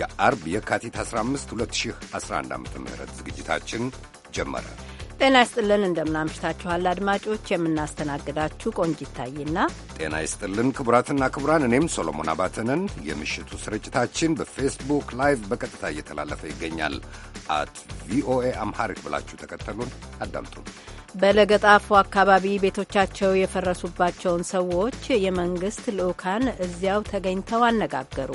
የአርብ የካቲት 15 2011 ዓ ም ዝግጅታችን ጀመረ። ጤና ይስጥልን፣ እንደምናምሽታችኋል አድማጮች። የምናስተናግዳችሁ ቆንጅ ይታይና፣ ጤና ይስጥልን ክቡራትና ክቡራን፣ እኔም ሶሎሞን አባተነን። የምሽቱ ስርጭታችን በፌስቡክ ላይቭ በቀጥታ እየተላለፈ ይገኛል። አት ቪኦኤ አምሃሪክ ብላችሁ ተከተሉን አዳምጡ። በለገጣፉ አካባቢ ቤቶቻቸው የፈረሱባቸውን ሰዎች የመንግስት ልዑካን እዚያው ተገኝተው አነጋገሩ።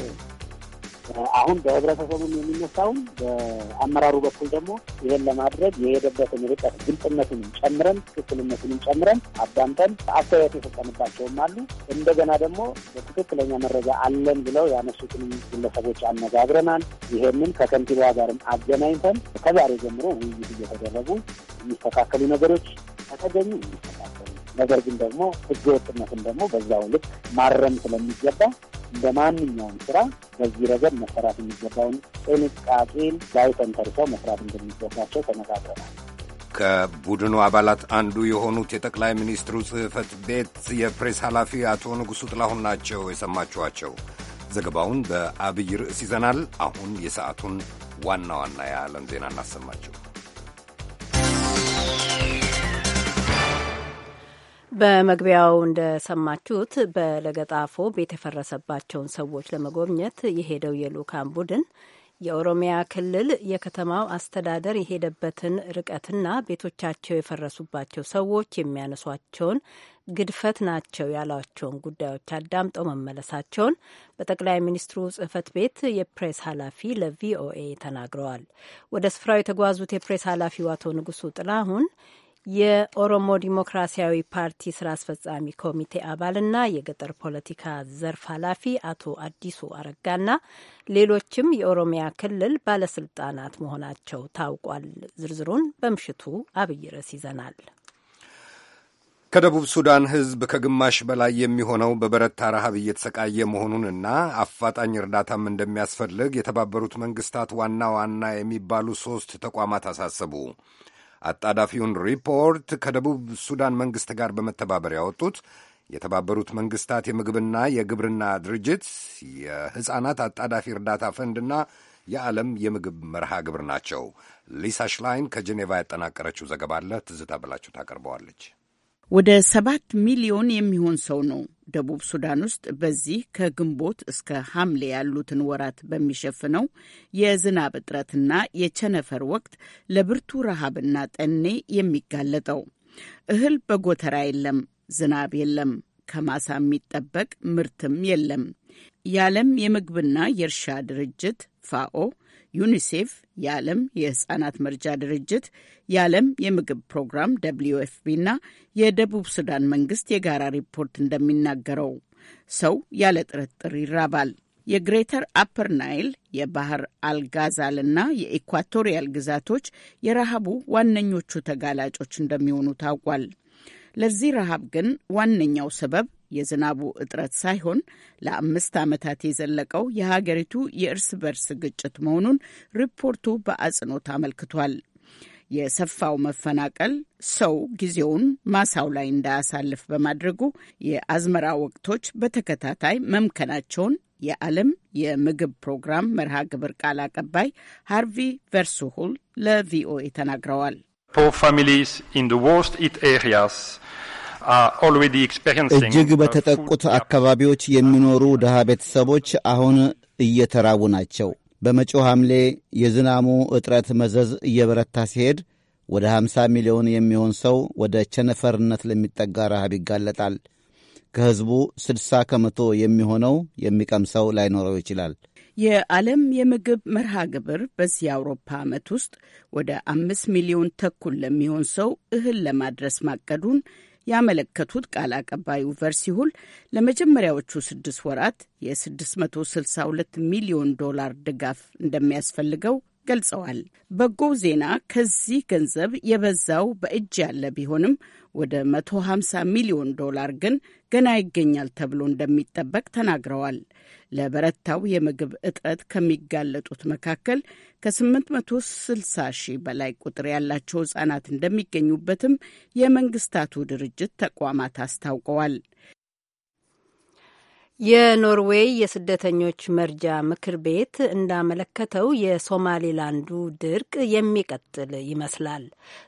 አሁን በህብረተሰቡም የሚነሳውን በአመራሩ በኩል ደግሞ ይህን ለማድረግ የሄደበትን ርቀት ግልጽነቱንም ጨምረን ትክክልነቱንም ጨምረን አዳምጠን አስተያየት የሰጠንባቸውም አሉ። እንደገና ደግሞ በትክክለኛ መረጃ አለን ብለው ያነሱትን ግለሰቦች አነጋግረናል። ይሄንን ከከንቲባ ጋርም አገናኝተን ከዛሬ ጀምሮ ውይይት እየተደረጉ የሚስተካከሉ ነገሮች ተገኙ ይስተካከሉ ነገር ግን ደግሞ ወጥነትን ደግሞ በዛው ልክ ማረም ስለሚገባ እንደ ማንኛውም ስራ በዚህ ረገድ መሰራት የሚገባውን ጥንቃቄን ላይ ተንተርሰው መስራት እንደሚገባቸው ተነጋግረናል። ከቡድኑ አባላት አንዱ የሆኑት የጠቅላይ ሚኒስትሩ ጽህፈት ቤት የፕሬስ ኃላፊ አቶ ንጉሱ ጥላሁን ናቸው የሰማችኋቸው። ዘገባውን በአብይ ርዕስ ይዘናል። አሁን የሰዓቱን ዋና ዋና የዓለም ዜና እናሰማቸው። በመግቢያው እንደሰማችሁት በለገጣፎ ቤት የፈረሰባቸውን ሰዎች ለመጎብኘት የሄደው የልኡካን ቡድን የኦሮሚያ ክልል የከተማው አስተዳደር የሄደበትን ርቀትና ቤቶቻቸው የፈረሱባቸው ሰዎች የሚያነሷቸውን ግድፈት ናቸው ያሏቸውን ጉዳዮች አዳምጠው መመለሳቸውን በጠቅላይ ሚኒስትሩ ጽህፈት ቤት የፕሬስ ኃላፊ ለቪኦኤ ተናግረዋል። ወደ ስፍራው የተጓዙት የፕሬስ ኃላፊው አቶ ንጉሱ ጥላሁን የኦሮሞ ዲሞክራሲያዊ ፓርቲ ስራ አስፈጻሚ ኮሚቴ አባልና የገጠር ፖለቲካ ዘርፍ ኃላፊ አቶ አዲሱ አረጋና ሌሎችም የኦሮሚያ ክልል ባለስልጣናት መሆናቸው ታውቋል። ዝርዝሩን በምሽቱ አብይ ርዕስ ይዘናል። ከደቡብ ሱዳን ሕዝብ ከግማሽ በላይ የሚሆነው በበረታ ረሃብ እየተሰቃየ መሆኑንና አፋጣኝ እርዳታም እንደሚያስፈልግ የተባበሩት መንግስታት ዋና ዋና የሚባሉ ሦስት ተቋማት አሳሰቡ። አጣዳፊውን ሪፖርት ከደቡብ ሱዳን መንግሥት ጋር በመተባበር ያወጡት የተባበሩት መንግሥታት የምግብና የግብርና ድርጅት የሕፃናት አጣዳፊ እርዳታ ፈንድና የዓለም የምግብ መርሃ ግብር ናቸው። ሊሳ ሽላይን ከጄኔቫ ያጠናቀረችው ዘገባ አለ። ትዝታ ብላችሁ ታቀርበዋለች። ወደ ሰባት ሚሊዮን የሚሆን ሰው ነው ደቡብ ሱዳን ውስጥ በዚህ ከግንቦት እስከ ሐምሌ ያሉትን ወራት በሚሸፍነው የዝናብ እጥረትና የቸነፈር ወቅት ለብርቱ ረሃብና ጠኔ የሚጋለጠው። እህል በጎተራ የለም፣ ዝናብ የለም፣ ከማሳ የሚጠበቅ ምርትም የለም። የዓለም የምግብና የእርሻ ድርጅት ፋኦ ዩኒሴፍ፣ የዓለም የህፃናት መርጃ ድርጅት፣ የዓለም የምግብ ፕሮግራም ደብልዩ ኤፍ ፒ እና የደቡብ ሱዳን መንግስት የጋራ ሪፖርት እንደሚናገረው ሰው ያለ ጥርጥር ይራባል። የግሬተር አፐር ናይል የባህር አልጋዛል እና የኢኳቶሪያል ግዛቶች የረሃቡ ዋነኞቹ ተጋላጮች እንደሚሆኑ ታውቋል። ለዚህ ረሃብ ግን ዋነኛው ሰበብ የዝናቡ እጥረት ሳይሆን ለአምስት ዓመታት የዘለቀው የሀገሪቱ የእርስ በርስ ግጭት መሆኑን ሪፖርቱ በአጽንኦት አመልክቷል። የሰፋው መፈናቀል ሰው ጊዜውን ማሳው ላይ እንዳያሳልፍ በማድረጉ የአዝመራ ወቅቶች በተከታታይ መምከናቸውን የዓለም የምግብ ፕሮግራም መርሃ ግብር ቃል አቀባይ ሃርቪ ቨርሱሁል ለቪኦኤ ተናግረዋል። ፖር ፋሚሊስ ኢን ዘ ወርስት ኤሪያስ Uh, እጅግ በተጠቁት አካባቢዎች የሚኖሩ ድሃ ቤተሰቦች አሁን እየተራቡ ናቸው። በመጪው ሐምሌ የዝናሙ እጥረት መዘዝ እየበረታ ሲሄድ ወደ 50 ሚሊዮን የሚሆን ሰው ወደ ቸነፈርነት ለሚጠጋ ረሃብ ይጋለጣል። ከሕዝቡ 60 ከመቶ የሚሆነው የሚቀምሰው ላይኖረው ይችላል። የዓለም የምግብ መርሃ ግብር በዚህ የአውሮፓ ዓመት ውስጥ ወደ አምስት ሚሊዮን ተኩል ለሚሆን ሰው እህል ለማድረስ ማቀዱን ያመለከቱት ቃል አቀባዩ ቨርሲሁል ለመጀመሪያዎቹ ስድስት ወራት የ662 ሚሊዮን ዶላር ድጋፍ እንደሚያስፈልገው ገልጸዋል። በጎው ዜና ከዚህ ገንዘብ የበዛው በእጅ ያለ ቢሆንም ወደ 150 ሚሊዮን ዶላር ግን ገና ይገኛል ተብሎ እንደሚጠበቅ ተናግረዋል። ለበረታው የምግብ እጥረት ከሚጋለጡት መካከል ከ860 ሺህ በላይ ቁጥር ያላቸው ሕጻናት እንደሚገኙበትም የመንግስታቱ ድርጅት ተቋማት አስታውቀዋል። የኖርዌይ የስደተኞች መርጃ ምክር ቤት እንዳመለከተው የሶማሌላንዱ ድርቅ የሚቀጥል ይመስላል።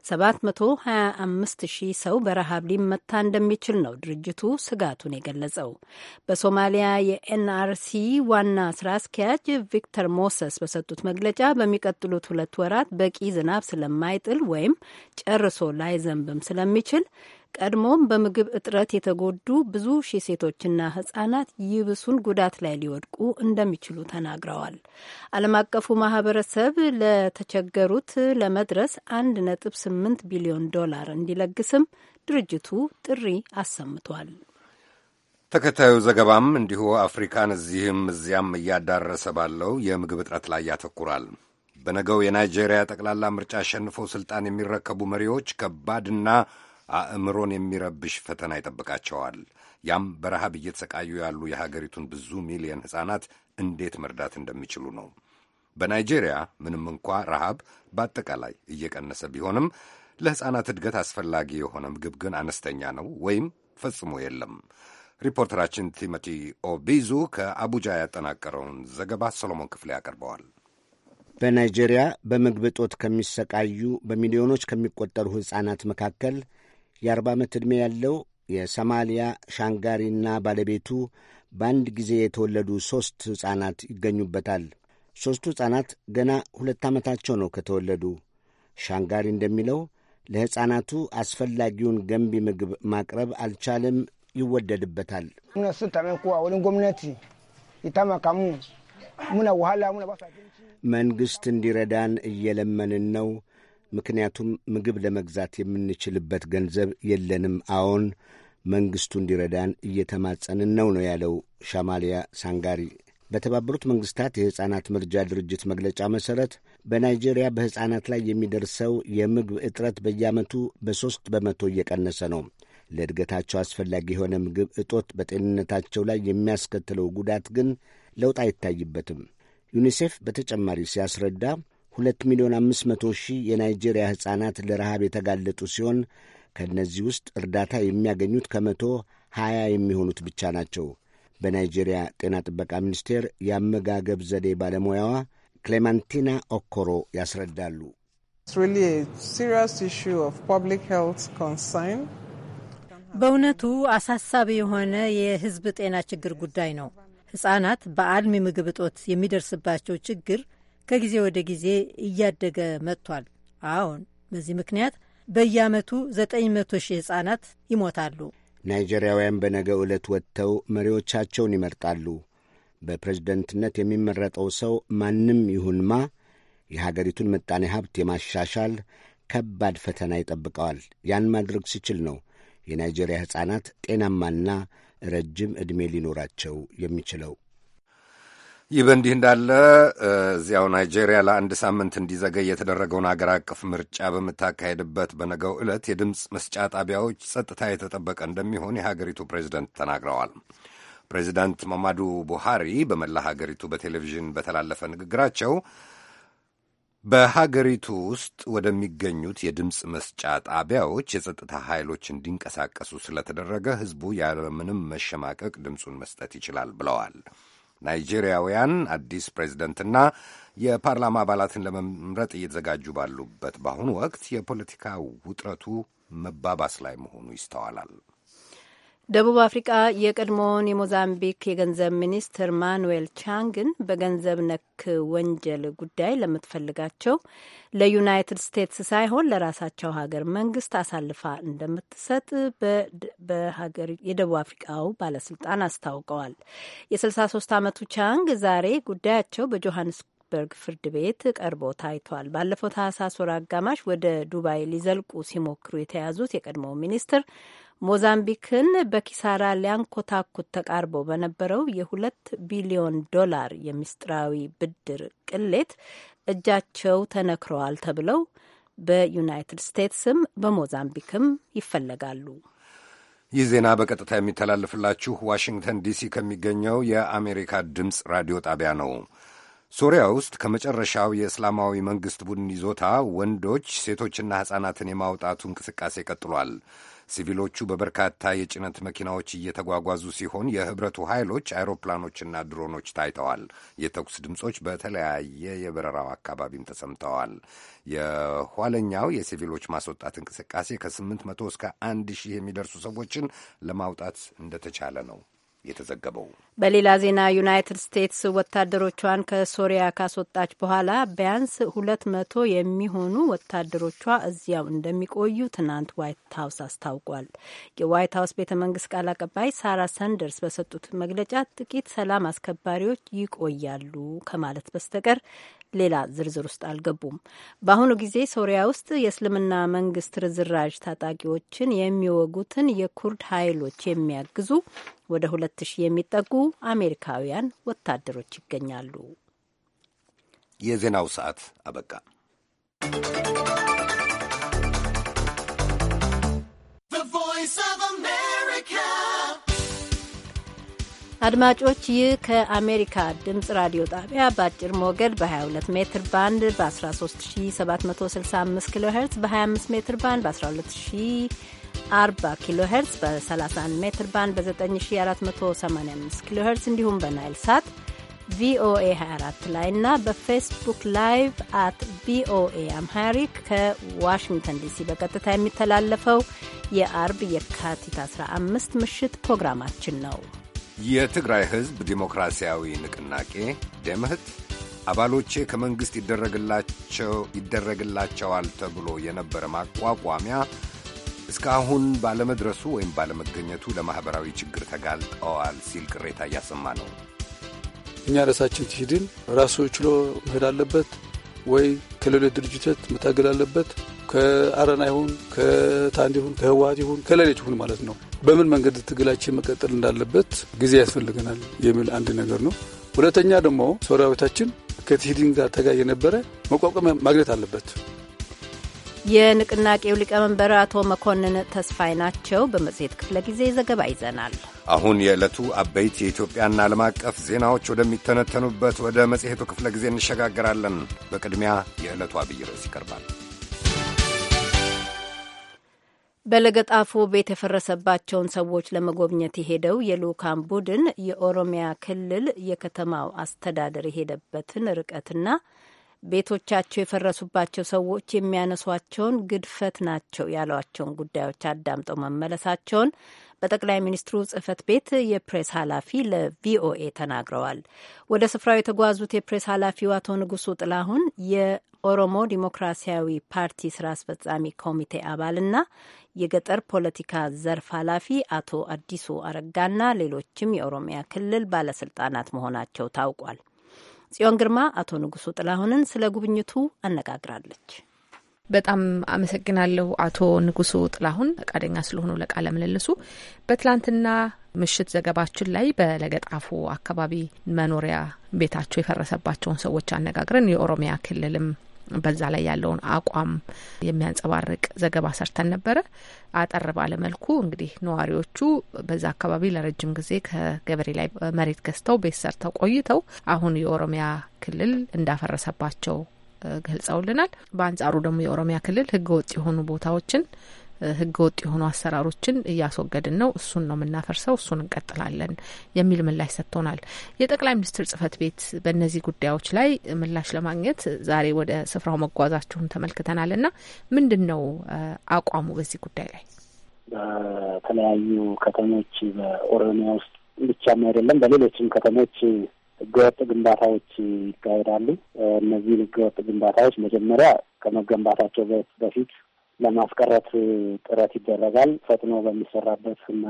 725 ሺህ ሰው በረሃብ ሊመታ እንደሚችል ነው ድርጅቱ ስጋቱን የገለጸው። በሶማሊያ የኤንአርሲ ዋና ስራ አስኪያጅ ቪክተር ሞሰስ በሰጡት መግለጫ በሚቀጥሉት ሁለት ወራት በቂ ዝናብ ስለማይጥል ወይም ጨርሶ ላይዘንብም ስለሚችል ቀድሞም በምግብ እጥረት የተጎዱ ብዙ ሺህ ሴቶችና ህጻናት ይብሱን ጉዳት ላይ ሊወድቁ እንደሚችሉ ተናግረዋል። ዓለም አቀፉ ማህበረሰብ ለተቸገሩት ለመድረስ አንድ ነጥብ ስምንት ቢሊዮን ዶላር እንዲለግስም ድርጅቱ ጥሪ አሰምቷል። ተከታዩ ዘገባም እንዲሁ አፍሪካን እዚህም እዚያም እያዳረሰ ባለው የምግብ እጥረት ላይ ያተኩራል። በነገው የናይጄሪያ ጠቅላላ ምርጫ አሸንፈው ስልጣን የሚረከቡ መሪዎች ከባድና አእምሮን የሚረብሽ ፈተና ይጠብቃቸዋል። ያም በረሃብ እየተሰቃዩ ያሉ የሀገሪቱን ብዙ ሚሊየን ሕፃናት እንዴት መርዳት እንደሚችሉ ነው። በናይጄሪያ ምንም እንኳ ረሃብ በአጠቃላይ እየቀነሰ ቢሆንም ለሕፃናት እድገት አስፈላጊ የሆነ ምግብ ግን አነስተኛ ነው ወይም ፈጽሞ የለም። ሪፖርተራችን ቲሞቲ ኦቢዙ ከአቡጃ ያጠናቀረውን ዘገባ ሰሎሞን ክፍሌ ያቀርበዋል። በናይጄሪያ በምግብ እጦት ከሚሰቃዩ በሚሊዮኖች ከሚቆጠሩ ሕፃናት መካከል የአርባ ዓመት ዕድሜ ያለው የሰማሊያ ሻንጋሪና ባለቤቱ በአንድ ጊዜ የተወለዱ ሦስት ሕፃናት ይገኙበታል። ሦስቱ ሕፃናት ገና ሁለት ዓመታቸው ነው ከተወለዱ። ሻንጋሪ እንደሚለው ለሕፃናቱ አስፈላጊውን ገንቢ ምግብ ማቅረብ አልቻለም፣ ይወደድበታል። መንግሥት እንዲረዳን እየለመንን ነው። ምክንያቱም ምግብ ለመግዛት የምንችልበት ገንዘብ የለንም። አዎን መንግስቱ እንዲረዳን እየተማጸንን ነው ነው ያለው ሻማሊያ ሳንጋሪ። በተባበሩት መንግስታት የሕፃናት መርጃ ድርጅት መግለጫ መሠረት በናይጄሪያ በሕፃናት ላይ የሚደርሰው የምግብ እጥረት በየዓመቱ በሦስት በመቶ እየቀነሰ ነው። ለእድገታቸው አስፈላጊ የሆነ ምግብ እጦት በጤንነታቸው ላይ የሚያስከትለው ጉዳት ግን ለውጥ አይታይበትም። ዩኒሴፍ በተጨማሪ ሲያስረዳ ሁለት ሚሊዮን አምስት መቶ ሺህ የናይጄሪያ ሕፃናት ለረሃብ የተጋለጡ ሲሆን ከእነዚህ ውስጥ እርዳታ የሚያገኙት ከመቶ ሀያ የሚሆኑት ብቻ ናቸው። በናይጄሪያ ጤና ጥበቃ ሚኒስቴር የአመጋገብ ዘዴ ባለሙያዋ ክሌማንቲና ኦኮሮ ያስረዳሉ። በእውነቱ አሳሳቢ የሆነ የህዝብ ጤና ችግር ጉዳይ ነው። ሕፃናት በአልሚ ምግብ እጦት የሚደርስባቸው ችግር ከጊዜ ወደ ጊዜ እያደገ መጥቷል። አሁን በዚህ ምክንያት በየዓመቱ 900 ሺህ ሕፃናት ይሞታሉ። ናይጄሪያውያን በነገ ዕለት ወጥተው መሪዎቻቸውን ይመርጣሉ። በፕሬዝደንትነት የሚመረጠው ሰው ማንም ይሁንማ የሀገሪቱን ምጣኔ ሀብት የማሻሻል ከባድ ፈተና ይጠብቀዋል። ያን ማድረግ ሲችል ነው የናይጄሪያ ሕፃናት ጤናማና ረጅም ዕድሜ ሊኖራቸው የሚችለው። ይህ በእንዲህ እንዳለ እዚያው ናይጄሪያ ለአንድ ሳምንት እንዲዘገይ የተደረገውን አገር አቀፍ ምርጫ በምታካሄድበት በነገው ዕለት የድምፅ መስጫ ጣቢያዎች ጸጥታ የተጠበቀ እንደሚሆን የሀገሪቱ ፕሬዚደንት ተናግረዋል። ፕሬዚዳንት ማማዱ ቡሃሪ በመላ ሀገሪቱ በቴሌቪዥን በተላለፈ ንግግራቸው በሀገሪቱ ውስጥ ወደሚገኙት የድምፅ መስጫ ጣቢያዎች የጸጥታ ኃይሎች እንዲንቀሳቀሱ ስለተደረገ ሕዝቡ ያለምንም መሸማቀቅ ድምፁን መስጠት ይችላል ብለዋል። ናይጄሪያውያን አዲስ ፕሬዚደንትና የፓርላማ አባላትን ለመምረጥ እየተዘጋጁ ባሉበት በአሁኑ ወቅት የፖለቲካ ውጥረቱ መባባስ ላይ መሆኑ ይስተዋላል። ደቡብ አፍሪቃ የቀድሞውን የሞዛምቢክ የገንዘብ ሚኒስትር ማኑዌል ቻንግን በገንዘብ ነክ ወንጀል ጉዳይ ለምትፈልጋቸው ለዩናይትድ ስቴትስ ሳይሆን ለራሳቸው ሀገር መንግስት አሳልፋ እንደምትሰጥ በሀገር የደቡብ አፍሪቃው ባለስልጣን አስታውቀዋል። የ63 ዓመቱ ቻንግ ዛሬ ጉዳያቸው በጆሀንስ በርግ ፍርድ ቤት ቀርቦ ታይቷል። ባለፈው ታህሳስ ወር አጋማሽ ወደ ዱባይ ሊዘልቁ ሲሞክሩ የተያዙት የቀድሞው ሚኒስትር ሞዛምቢክን በኪሳራ ሊያንኮታኩት ተቃርቦ በነበረው የሁለት ቢሊዮን ዶላር የሚስጥራዊ ብድር ቅሌት እጃቸው ተነክረዋል ተብለው በዩናይትድ ስቴትስም በሞዛምቢክም ይፈለጋሉ። ይህ ዜና በቀጥታ የሚተላለፍላችሁ ዋሽንግተን ዲሲ ከሚገኘው የአሜሪካ ድምፅ ራዲዮ ጣቢያ ነው። ሶሪያ ውስጥ ከመጨረሻው የእስላማዊ መንግሥት ቡድን ይዞታ ወንዶች ሴቶችና ሕፃናትን የማውጣቱ እንቅስቃሴ ቀጥሏል። ሲቪሎቹ በበርካታ የጭነት መኪናዎች እየተጓጓዙ ሲሆን የህብረቱ ኃይሎች አይሮፕላኖችና ድሮኖች ታይተዋል። የተኩስ ድምፆች በተለያየ የበረራው አካባቢም ተሰምተዋል። የኋለኛው የሲቪሎች ማስወጣት እንቅስቃሴ ከ መቶ እስከ ሺህ የሚደርሱ ሰዎችን ለማውጣት እንደተቻለ ነው የተዘገበው። በሌላ ዜና ዩናይትድ ስቴትስ ወታደሮቿን ከሶሪያ ካስወጣች በኋላ ቢያንስ ሁለት መቶ የሚሆኑ ወታደሮቿ እዚያው እንደሚቆዩ ትናንት ዋይት ሀውስ አስታውቋል። የዋይት ሀውስ ቤተ መንግስት ቃል አቀባይ ሳራ ሰንደርስ በሰጡት መግለጫ ጥቂት ሰላም አስከባሪዎች ይቆያሉ ከማለት በስተቀር ሌላ ዝርዝር ውስጥ አልገቡም። በአሁኑ ጊዜ ሶሪያ ውስጥ የእስልምና መንግስት ርዝራዥ ታጣቂዎችን የሚወጉትን የኩርድ ኃይሎች የሚያግዙ ወደ ሁለት ሺህ የሚጠጉ አሜሪካውያን ወታደሮች ይገኛሉ። የዜናው ሰዓት አበቃ። አድማጮች ይህ ከአሜሪካ ድምፅ ራዲዮ ጣቢያ በአጭር ሞገድ በ22 ሜትር ባንድ በ13765 ኪሎ ሄርዝ በ25 ሜትር ባንድ በ12040 ኪሎ ሄርዝ በ31 ሜትር ባንድ በ9485 ኪሎ ሄርዝ እንዲሁም በናይል ሳት ቪኦኤ 24 ላይ እና በፌስቡክ ላይቭ አት ቪኦኤ አምሃሪክ ከዋሽንግተን ዲሲ በቀጥታ የሚተላለፈው የአርብ የካቲት 15 ምሽት ፕሮግራማችን ነው። የትግራይ ሕዝብ ዲሞክራሲያዊ ንቅናቄ ደምህት አባሎቼ ከመንግሥት ይደረግላቸዋል ተብሎ የነበረ ማቋቋሚያ እስካሁን ባለመድረሱ ወይም ባለመገኘቱ ለማኅበራዊ ችግር ተጋልጠዋል ሲል ቅሬታ እያሰማ ነው። እኛ ራሳችን ሲድን ራሱ ችሎ መሄድ አለበት። ወይ ከሌሎች ድርጅቶች መታገል አለበት። ከአረና ይሁን ከታንድ ይሁን ከህወሀት ይሁን ከሌሎች ይሁን ማለት ነው። በምን መንገድ ትግላችን መቀጠል እንዳለበት ጊዜ ያስፈልገናል የሚል አንድ ነገር ነው። ሁለተኛ ደግሞ ሰራዊታችን ከትሂዲን ጋር ተጋ የነበረ መቋቋሚያ ማግኘት አለበት። የንቅናቄው ሊቀመንበር አቶ መኮንን ተስፋይ ናቸው። በመጽሔት ክፍለ ጊዜ ዘገባ ይዘናል። አሁን የዕለቱ አበይት የኢትዮጵያና ዓለም አቀፍ ዜናዎች ወደሚተነተኑበት ወደ መጽሔቱ ክፍለ ጊዜ እንሸጋገራለን። በቅድሚያ የዕለቱ አብይ ርዕስ ይቀርባል። በለገጣፎ ቤት የፈረሰባቸውን ሰዎች ለመጎብኘት የሄደው የልኡካን ቡድን የኦሮሚያ ክልል የከተማው አስተዳደር የሄደበትን ርቀትና ቤቶቻቸው የፈረሱባቸው ሰዎች የሚያነሷቸውን ግድፈት ናቸው ያሏቸውን ጉዳዮች አዳምጠው መመለሳቸውን በጠቅላይ ሚኒስትሩ ጽህፈት ቤት የፕሬስ ኃላፊ ለቪኦኤ ተናግረዋል። ወደ ስፍራው የተጓዙት የፕሬስ ኃላፊው አቶ ንጉሱ ጥላሁን የኦሮሞ ዲሞክራሲያዊ ፓርቲ ስራ አስፈጻሚ ኮሚቴ አባልና የገጠር ፖለቲካ ዘርፍ ኃላፊ አቶ አዲሱ አረጋና ሌሎችም የኦሮሚያ ክልል ባለስልጣናት መሆናቸው ታውቋል። ጽዮን ግርማ አቶ ንጉሱ ጥላሁንን ስለ ጉብኝቱ አነጋግራለች። በጣም አመሰግናለሁ አቶ ንጉሱ ጥላሁን ፈቃደኛ ስለሆኑ ለቃለ ምልልሱ። በትላንትና ምሽት ዘገባችን ላይ በለገጣፎ አካባቢ መኖሪያ ቤታቸው የፈረሰባቸውን ሰዎች አነጋግረን የኦሮሚያ ክልልም በዛ ላይ ያለውን አቋም የሚያንጸባርቅ ዘገባ ሰርተን ነበረ። አጠር ባለመልኩ እንግዲህ ነዋሪዎቹ በዛ አካባቢ ለረጅም ጊዜ ከገበሬ ላይ መሬት ገዝተው ቤት ሰርተው ቆይተው አሁን የኦሮሚያ ክልል እንዳፈረሰባቸው ገልጸውልናል። በአንጻሩ ደግሞ የኦሮሚያ ክልል ህገ ወጥ የሆኑ ቦታዎችን ህገ ወጥ የሆኑ አሰራሮችን እያስወገድን ነው፣ እሱን ነው የምናፈርሰው፣ እሱን እንቀጥላለን የሚል ምላሽ ሰጥቶናል። የጠቅላይ ሚኒስትር ጽህፈት ቤት በእነዚህ ጉዳዮች ላይ ምላሽ ለማግኘት ዛሬ ወደ ስፍራው መጓዛችሁን ተመልክተናል እና ምንድን ነው አቋሙ በዚህ ጉዳይ ላይ? በተለያዩ ከተሞች በኦሮሚያ ውስጥ ብቻም አይደለም፣ በሌሎችም ከተሞች ህገወጥ ግንባታዎች ይካሄዳሉ። እነዚህን ህገወጥ ግንባታዎች መጀመሪያ ከመገንባታቸው በፊት ለማስቀረት ጥረት ይደረጋል። ፈጥኖ በሚሰራበት እና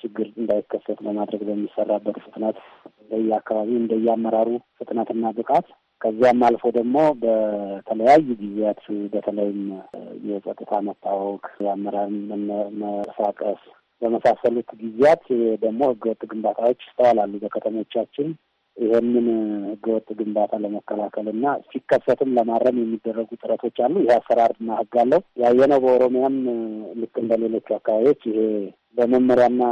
ችግር እንዳይከሰት ለማድረግ በሚሰራበት ፍጥነት እንደየአካባቢው እንደየአመራሩ ፍጥነትና ብቃት ከዚያም አልፎ ደግሞ በተለያዩ ጊዜያት በተለይም የጸጥታ መታወክ፣ የአመራር መንቀሳቀስ በመሳሰሉት ጊዜያት ደግሞ ህገወጥ ግንባታዎች ይስተዋላሉ በከተሞቻችን። ይህንን ህገወጥ ግንባታ ለመከላከል እና ሲከሰትም ለማረም የሚደረጉ ጥረቶች አሉ። ይህ አሰራርና ህግ አለው። ያየነው በኦሮሚያም ልክ እንደ ሌሎቹ አካባቢዎች ይሄ በመመሪያና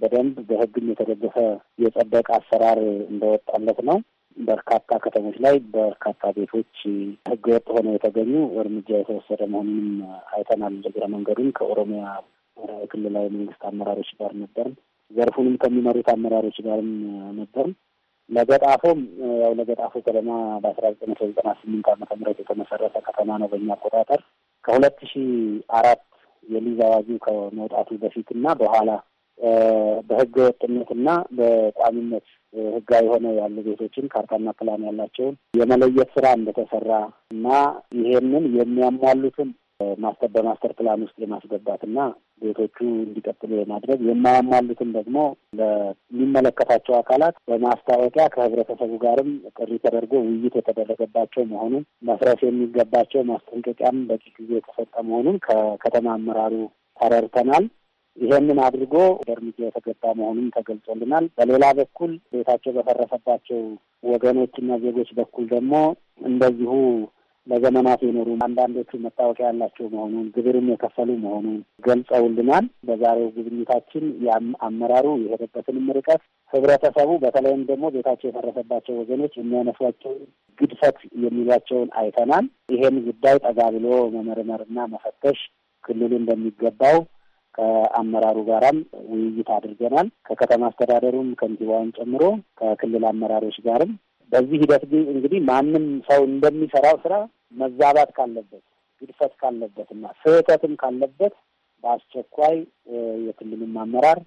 በደንብ በህግም የተደገፈ የጸደቀ አሰራር እንደወጣለት ነው። በርካታ ከተሞች ላይ በርካታ ቤቶች ህገወጥ ሆነው የተገኙ እርምጃ የተወሰደ መሆኑንም አይተናል። እግረ መንገዱን ከኦሮሚያ ክልላዊ መንግስት አመራሮች ጋር ነበርን። ዘርፉንም ከሚመሩት አመራሮች ጋርም ነበርን። ለገጣፎም ያው ለገጣፎ ከተማ በአስራ ዘጠኝ መቶ ዘጠና ስምንት ዓመተ ምህረት የተመሰረተ ከተማ ነው በእኛ አቆጣጠር ከሁለት ሺ አራት የሊዝ አዋጁ ከመውጣቱ በፊትና በኋላ በህገ ወጥነትና በቋሚነት ህጋዊ የሆነ ያሉ ቤቶችን ካርታና ፕላን ያላቸውን የመለየት ስራ እንደተሰራ እና ይሄንን የሚያሟሉትን ማስተር በማስተር ፕላን ውስጥ የማስገባት እና ቤቶቹ እንዲቀጥሉ የማድረግ የማያሟሉትን ደግሞ ለሚመለከታቸው አካላት በማስታወቂያ ከህብረተሰቡ ጋርም ጥሪ ተደርጎ ውይይት የተደረገባቸው መሆኑን መስረፍ የሚገባቸው ማስጠንቀቂያም በቂ ጊዜ የተሰጠ መሆኑን ከከተማ አመራሩ ተረድተናል። ይሄንን አድርጎ እርምጃ የተገባ መሆኑን ተገልጾልናል። በሌላ በኩል ቤታቸው በፈረሰባቸው ወገኖችና ዜጎች በኩል ደግሞ እንደዚሁ ለዘመናት የኖሩ አንዳንዶቹ መታወቂያ ያላቸው መሆኑን ግብርም የከፈሉ መሆኑን ገልጸውልናል። በዛሬው ጉብኝታችን አመራሩ የሄደበትንም ርቀት ህብረተሰቡ፣ በተለይም ደግሞ ቤታቸው የፈረሰባቸው ወገኖች የሚያነሷቸው ግድፈት የሚሏቸውን አይተናል። ይሄን ጉዳይ ጠጋ ብሎ መመርመርና መፈተሽ ክልሉ እንደሚገባው ከአመራሩ ጋራም ውይይት አድርገናል። ከከተማ አስተዳደሩም ከንቲባውን ጨምሮ ከክልል አመራሮች ጋርም በዚህ ሂደት እንግዲህ ማንም ሰው እንደሚሰራው ስራ መዛባት ካለበት፣ ግድፈት ካለበት እና ስህተትም ካለበት በአስቸኳይ የክልሉም አመራር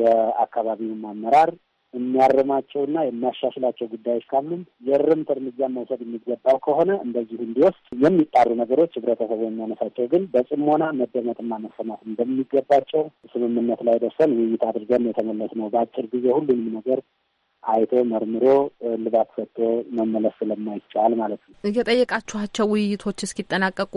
የአካባቢውም አመራር የሚያርማቸውና የሚያሻሽላቸው ጉዳዮች ካሉም የእርምት እርምጃ መውሰድ የሚገባው ከሆነ እንደዚሁ እንዲወስድ የሚጣሩ ነገሮች ህብረተሰቡ የሚያነሳቸው ግን በጽሞና መደመጥና መሰማት እንደሚገባቸው ስምምነት ላይ ደርሰን ውይይት አድርገን ነው። በአጭር ጊዜ ሁሉንም ነገር አይቶ መርምሮ ልባት ሰጥቶ መመለስ ስለማይቻል ማለት ነው። የጠየቃችኋቸው ውይይቶች እስኪጠናቀቁ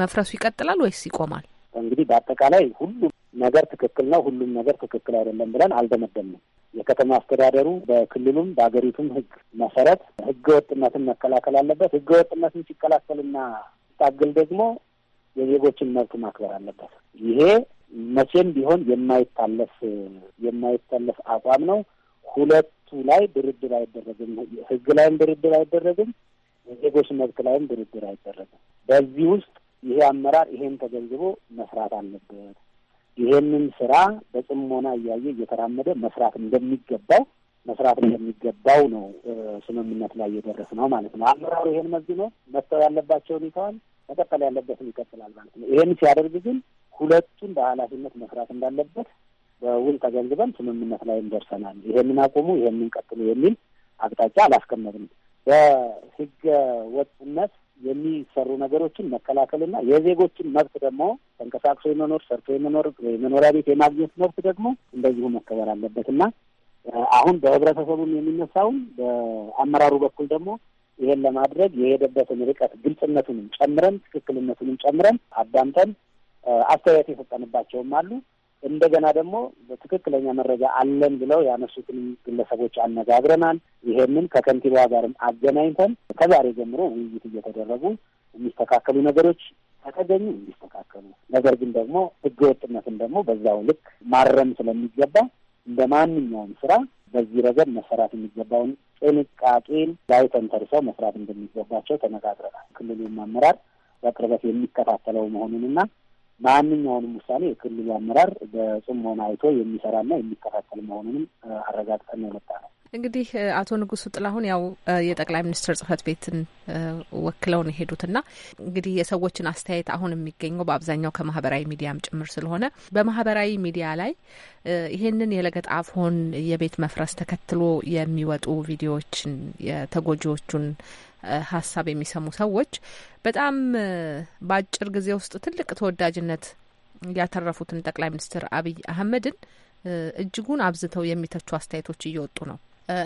መፍረሱ ይቀጥላል ወይስ ይቆማል? እንግዲህ በአጠቃላይ ሁሉም ነገር ትክክል ነው፣ ሁሉም ነገር ትክክል አይደለም ብለን አልደመደምንም። የከተማ አስተዳደሩ በክልሉም በሀገሪቱም ሕግ መሰረት ሕገ ወጥነትን መከላከል አለበት። ሕገ ወጥነትን ሲከላከልና ሲታገል ደግሞ የዜጎችን መብት ማክበር አለበት። ይሄ መቼም ቢሆን የማይታለፍ የማይታለፍ አቋም ነው። ሁለቱ ላይ ድርድር አይደረግም። ህግ ላይም ድርድር አይደረግም። የዜጎች መብት ላይም ድርድር አይደረግም። በዚህ ውስጥ ይሄ አመራር ይሄን ተገንዝቦ መስራት አለበት። ይሄንን ስራ በጽሞና እያየ እየተራመደ መስራት እንደሚገባው መስራት እንደሚገባው ነው ስምምነት ላይ እየደረስ ነው ማለት ነው። አመራሩ ይሄን መዝኖ መተው ያለባቸውን ይተዋል፣ መቀጠል ያለበትን ይቀጥላል ማለት ነው። ይሄን ሲያደርግ ግን ሁለቱን በኃላፊነት መስራት እንዳለበት በውል ተገንዝበን ስምምነት ላይ ደርሰናል። ይሄንን አቁሙ፣ ይሄንን ቀጥሉ የሚል አቅጣጫ አላስቀመጥንም። በህገ ወጥነት የሚሰሩ ነገሮችን መከላከልና የዜጎችን መብት ደግሞ ተንቀሳቅሶ የመኖር ሰርቶ የመኖር የመኖሪያ ቤት የማግኘት መብት ደግሞ እንደዚሁ መከበር አለበት እና አሁን በህብረተሰቡም የሚነሳውን በአመራሩ በኩል ደግሞ ይሄን ለማድረግ የሄደበትን ርቀት ግልጽነቱንም ጨምረን ትክክልነቱንም ጨምረን አዳምጠን አስተያየት የሰጠንባቸውም አሉ። እንደገና ደግሞ በትክክለኛ መረጃ አለን ብለው ያነሱትን ግለሰቦች አነጋግረናል። ይሄንን ከከንቲባዋ ጋርም አገናኝተን ከዛሬ ጀምሮ ውይይት እየተደረጉ የሚስተካከሉ ነገሮች ከተገኙ እንዲስተካከሉ፣ ነገር ግን ደግሞ ህገወጥነትን ደግሞ በዛው ልክ ማረም ስለሚገባ እንደ ማንኛውም ስራ በዚህ ረገድ መሰራት የሚገባውን ጥንቃቄን ላይ ተንተርሰው መስራት እንደሚገባቸው ተነጋግረናል። ክልሉም አመራር በቅርበት የሚከታተለው መሆኑንና ማንኛውንም ውሳኔ የክልሉ አመራር በጽሞና አይቶ የሚሰራና የሚከታተል መሆኑንም አረጋግጠን የመጣ ነው። እንግዲህ አቶ ንጉሱ ጥላሁን ያው የጠቅላይ ሚኒስትር ጽህፈት ቤትን ወክለው ነው የሄዱትና እንግዲህ የሰዎችን አስተያየት አሁን የሚገኘው በአብዛኛው ከማህበራዊ ሚዲያም ጭምር ስለሆነ በማህበራዊ ሚዲያ ላይ ይህንን የለገጣፎን የቤት መፍረስ ተከትሎ የሚወጡ ቪዲዮዎችን የተጎጂዎቹን ሀሳብ የሚሰሙ ሰዎች በጣም በአጭር ጊዜ ውስጥ ትልቅ ተወዳጅነት ያተረፉትን ጠቅላይ ሚኒስትር አብይ አህመድን እጅጉን አብዝተው የሚተቹ አስተያየቶች እየወጡ ነው።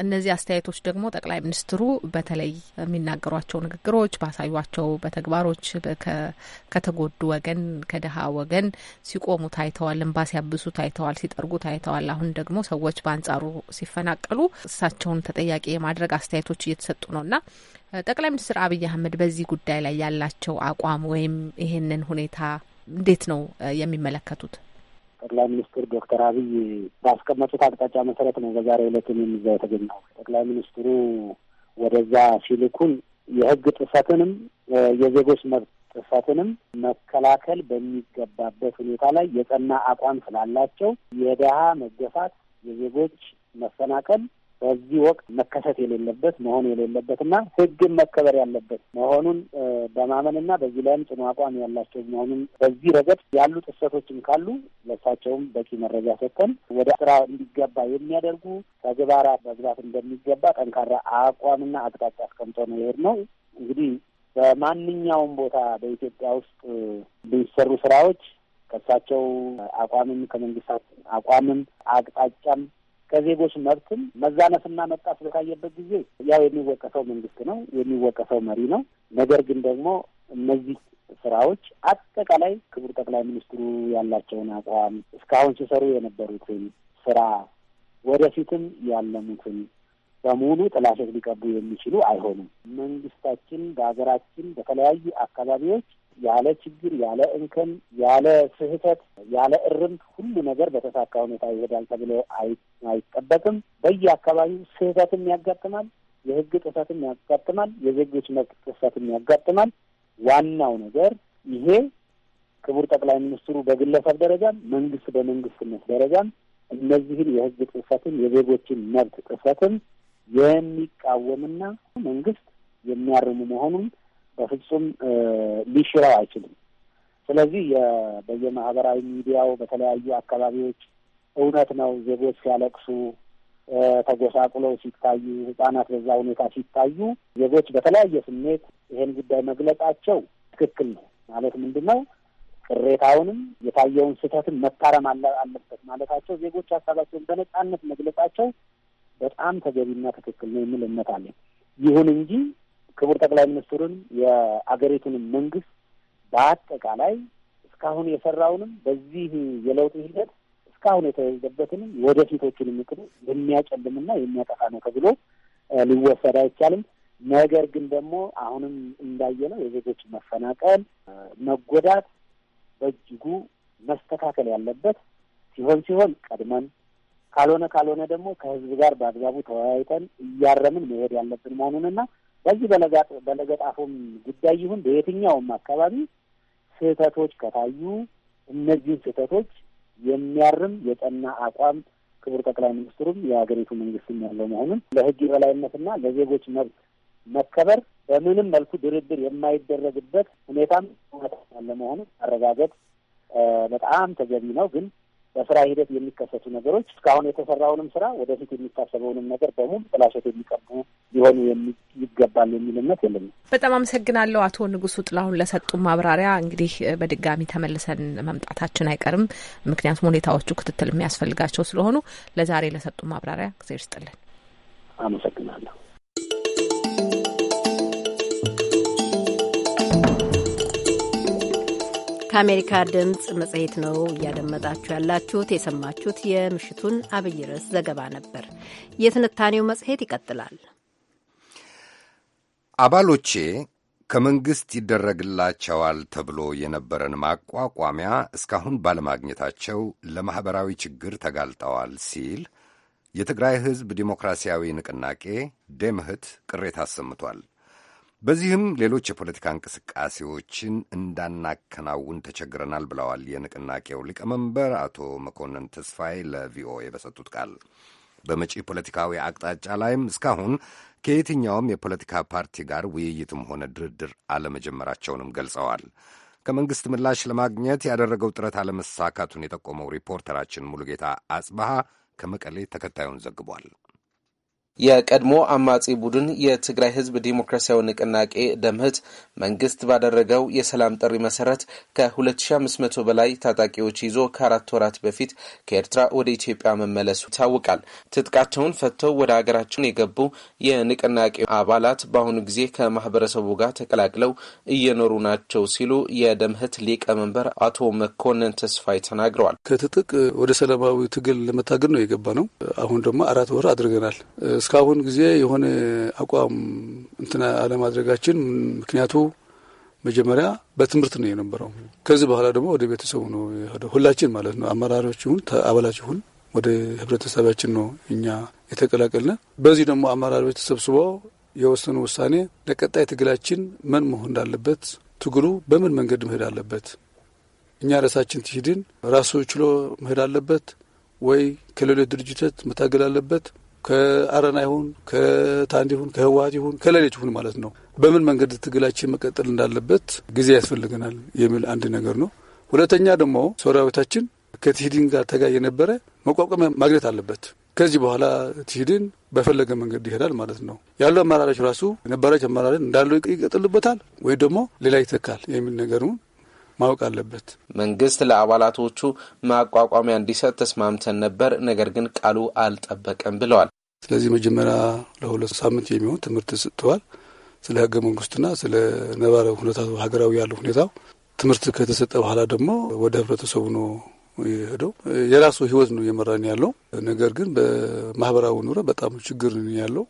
እነዚህ አስተያየቶች ደግሞ ጠቅላይ ሚኒስትሩ በተለይ የሚናገሯቸው ንግግሮች ባሳዩቸው በተግባሮች ከተጎዱ ወገን ከድሀ ወገን ሲቆሙ ታይተዋል። እንባ ሲያብሱ ታይተዋል። ሲጠርጉ ታይተዋል። አሁን ደግሞ ሰዎች በአንጻሩ ሲፈናቀሉ እሳቸውን ተጠያቂ የማድረግ አስተያየቶች እየተሰጡ ነውና ጠቅላይ ሚኒስትር አብይ አህመድ በዚህ ጉዳይ ላይ ያላቸው አቋም ወይም ይህንን ሁኔታ እንዴት ነው የሚመለከቱት? ጠቅላይ ሚኒስትር ዶክተር አብይ ባስቀመጡት አቅጣጫ መሰረት ነው በዛሬ ዕለትም የሚዛ የተገኘው። ጠቅላይ ሚኒስትሩ ወደዛ ሲልኩን የህግ ጥሰትንም የዜጎች መብት ጥሰትንም መከላከል በሚገባበት ሁኔታ ላይ የጸና አቋም ስላላቸው የድሀ መገፋት፣ የዜጎች መፈናቀል በዚህ ወቅት መከሰት የሌለበት መሆን የሌለበት እና ህግን መከበር ያለበት መሆኑን በማመን በማመንና በዚህ ላይም ጽኑ አቋም ያላቸው መሆኑን በዚህ ረገድ ያሉ ጥሰቶችም ካሉ ለእሳቸውም በቂ መረጃ ሰጥተን ወደ ስራ እንዲገባ የሚያደርጉ ተግባራት መግባት እንደሚገባ ጠንካራ አቋምና አቅጣጫ አስቀምጦ ነው የሄድ ነው እንግዲህ በማንኛውም ቦታ በኢትዮጵያ ውስጥ የሚሰሩ ስራዎች ከእሳቸው አቋምም ከመንግስታት አቋምም አቅጣጫም ከዜጎች መብትም መዛነፍና መጣት በታየበት ጊዜ ያው የሚወቀሰው መንግስት ነው፣ የሚወቀሰው መሪ ነው። ነገር ግን ደግሞ እነዚህ ስራዎች አጠቃላይ ክቡር ጠቅላይ ሚኒስትሩ ያላቸውን አቋም እስካሁን ሲሰሩ የነበሩትን ስራ ወደፊትም ያለሙትን በሙሉ ጥላሸት ሊቀቡ የሚችሉ አይሆኑም። መንግስታችን በሀገራችን በተለያዩ አካባቢዎች ያለ ችግር፣ ያለ እንከን፣ ያለ ስህተት፣ ያለ እርምት ሁሉ ነገር በተሳካ ሁኔታ ይሄዳል ተብሎ አይጠበቅም። በየአካባቢው ስህተትም ያጋጥማል፣ የህግ ጥሰትም ያጋጥማል፣ የዜጎች መብት ጥሰትም ያጋጥማል። ዋናው ነገር ይሄ ክቡር ጠቅላይ ሚኒስትሩ በግለሰብ ደረጃም መንግስት በመንግስትነት ደረጃም እነዚህን የህግ ጥሰትን የዜጎችን መብት ጥሰትን የሚቃወምና መንግስት የሚያርሙ መሆኑን በፍጹም ሊሽረው አይችልም። ስለዚህ በየማህበራዊ ሚዲያው በተለያዩ አካባቢዎች እውነት ነው ዜጎች ሲያለቅሱ ተጎሳቁለው ሲታዩ፣ ህጻናት በዛ ሁኔታ ሲታዩ ዜጎች በተለያየ ስሜት ይሄን ጉዳይ መግለጻቸው ትክክል ነው ማለት ምንድን ነው? ቅሬታውንም የታየውን ስህተትን መታረም አለበት ማለታቸው፣ ዜጎች ሀሳባቸውን በነጻነት መግለጻቸው በጣም ተገቢና ትክክል ነው የሚል እምነት አለን። ይሁን እንጂ ክቡር ጠቅላይ ሚኒስትሩን የአገሪቱንም መንግስት በአጠቃላይ እስካሁን የሰራውንም በዚህ የለውጥ ሂደት እስካሁን የተሄደበትንም ወደፊቶችን እቅዱ የሚያጨልምና የሚያጠፋ ነው ተብሎ ሊወሰድ አይቻልም። ነገር ግን ደግሞ አሁንም እንዳየነው የዜጎች መፈናቀል፣ መጎዳት በእጅጉ መስተካከል ያለበት ሲሆን ሲሆን ቀድመን ካልሆነ ካልሆነ ደግሞ ከህዝብ ጋር በአግባቡ ተወያይተን እያረምን መሄድ ያለብን መሆኑንና በዚህ በለገጣፎም ጉዳይ ይሁን በየትኛውም አካባቢ ስህተቶች ከታዩ እነዚህን ስህተቶች የሚያርም የጠና አቋም ክቡር ጠቅላይ ሚኒስትሩም የሀገሪቱ መንግስትም ያለው መሆኑን ለህግ የበላይነትና ለዜጎች መብት መከበር በምንም መልኩ ድርድር የማይደረግበት ሁኔታም ያለ መሆኑን ማረጋገጥ በጣም ተገቢ ነው ግን በስራ ሂደት የሚከሰቱ ነገሮች እስካሁን የተሰራውንም ስራ ወደፊት የሚታሰበውንም ነገር በሙሉ ጥላሸት የሚቀቡ ሊሆኑ ይገባል የሚል እምነት የለም። በጣም አመሰግናለሁ አቶ ንጉሱ ጥላሁን ለሰጡ ማብራሪያ። እንግዲህ በድጋሚ ተመልሰን መምጣታችን አይቀርም፣ ምክንያቱም ሁኔታዎቹ ክትትል የሚያስፈልጋቸው ስለሆኑ ለዛሬ ለሰጡ ማብራሪያ ጊዜ ይስጥልን። አመሰግናለሁ። ከአሜሪካ ድምፅ መጽሔት ነው እያደመጣችሁ ያላችሁት። የሰማችሁት የምሽቱን አብይ ርዕስ ዘገባ ነበር። የትንታኔው መጽሔት ይቀጥላል። አባሎቼ ከመንግሥት ይደረግላቸዋል ተብሎ የነበረን ማቋቋሚያ እስካሁን ባለማግኘታቸው ለማኅበራዊ ችግር ተጋልጠዋል ሲል የትግራይ ሕዝብ ዲሞክራሲያዊ ንቅናቄ ደምህት ቅሬታ አሰምቷል። በዚህም ሌሎች የፖለቲካ እንቅስቃሴዎችን እንዳናከናውን ተቸግረናል ብለዋል የንቅናቄው ሊቀመንበር አቶ መኮንን ተስፋዬ ለቪኦኤ በሰጡት ቃል። በመጪ ፖለቲካዊ አቅጣጫ ላይም እስካሁን ከየትኛውም የፖለቲካ ፓርቲ ጋር ውይይትም ሆነ ድርድር አለመጀመራቸውንም ገልጸዋል። ከመንግሥት ምላሽ ለማግኘት ያደረገው ጥረት አለመሳካቱን የጠቆመው ሪፖርተራችን ሙሉጌታ አጽበሃ ከመቀሌ ተከታዩን ዘግቧል። የቀድሞ አማጺ ቡድን የትግራይ ህዝብ ዲሞክራሲያዊ ንቅናቄ ደምህት መንግስት ባደረገው የሰላም ጥሪ መሰረት ከ2500 በላይ ታጣቂዎች ይዞ ከአራት ወራት በፊት ከኤርትራ ወደ ኢትዮጵያ መመለሱ ይታወቃል። ትጥቃቸውን ፈትተው ወደ ሀገራቸውን የገቡ የንቅናቄ አባላት በአሁኑ ጊዜ ከማህበረሰቡ ጋር ተቀላቅለው እየኖሩ ናቸው ሲሉ የደምህት ሊቀመንበር አቶ መኮንን ተስፋይ ተናግረዋል። ከትጥቅ ወደ ሰላማዊ ትግል ለመታገል ነው የገባ ነው። አሁን ደግሞ አራት ወር አድርገናል። እስካሁን ጊዜ የሆነ አቋም እንትን አለማድረጋችን ምክንያቱ መጀመሪያ በትምህርት ነው የነበረው። ከዚህ በኋላ ደግሞ ወደ ቤተሰቡ ነው የሄደው። ሁላችን ማለት ነው አመራሪዎች ይሁን አባላች ይሁን ወደ ህብረተሰባችን ነው እኛ የተቀላቀልን። በዚህ ደግሞ አመራሪዎች ተሰብስበው የወሰኑ ውሳኔ ለቀጣይ ትግላችን ምን መሆን እንዳለበት፣ ትግሉ በምን መንገድ መሄድ አለበት፣ እኛ ራሳችን ትሂድን ራሱ ችሎ መሄድ አለበት ወይ ከሌሎች ድርጅቶች መታገል አለበት ከአረና ይሁን ከታንድ ይሁን ከህወሀት ይሁን ከሌሎች ይሁን ማለት ነው በምን መንገድ ትግላችን መቀጠል እንዳለበት ጊዜ ያስፈልገናል የሚል አንድ ነገር ነው። ሁለተኛ ደግሞ ሰራዊታችን ከትሂድን ጋር ተጋ የነበረ መቋቋሚያ ማግኘት አለበት። ከዚህ በኋላ ትሂድን በፈለገ መንገድ ይሄዳል ማለት ነው። ያለው አመራሮች ራሱ ነባራች አመራርን እንዳለው ይቀጥልበታል ወይ ደግሞ ሌላ ይተካል የሚል ነገሩን ማወቅ አለበት። መንግስት ለአባላቶቹ ማቋቋሚያ እንዲሰጥ ተስማምተን ነበር፣ ነገር ግን ቃሉ አልጠበቀም ብለዋል ስለዚህ መጀመሪያ ለሁለት ሳምንት የሚሆን ትምህርት ሰጥተዋል። ስለ ህገ መንግስቱና ስለ ነባረ ሁኔታ ሀገራዊ ያለው ሁኔታው ትምህርት ከተሰጠ በኋላ ደግሞ ወደ ህብረተሰቡ ነው የሄደው። የራሱ ህይወት ነው እየመራን ያለው። ነገር ግን በማህበራዊ ኑሮ በጣም ችግር ያለው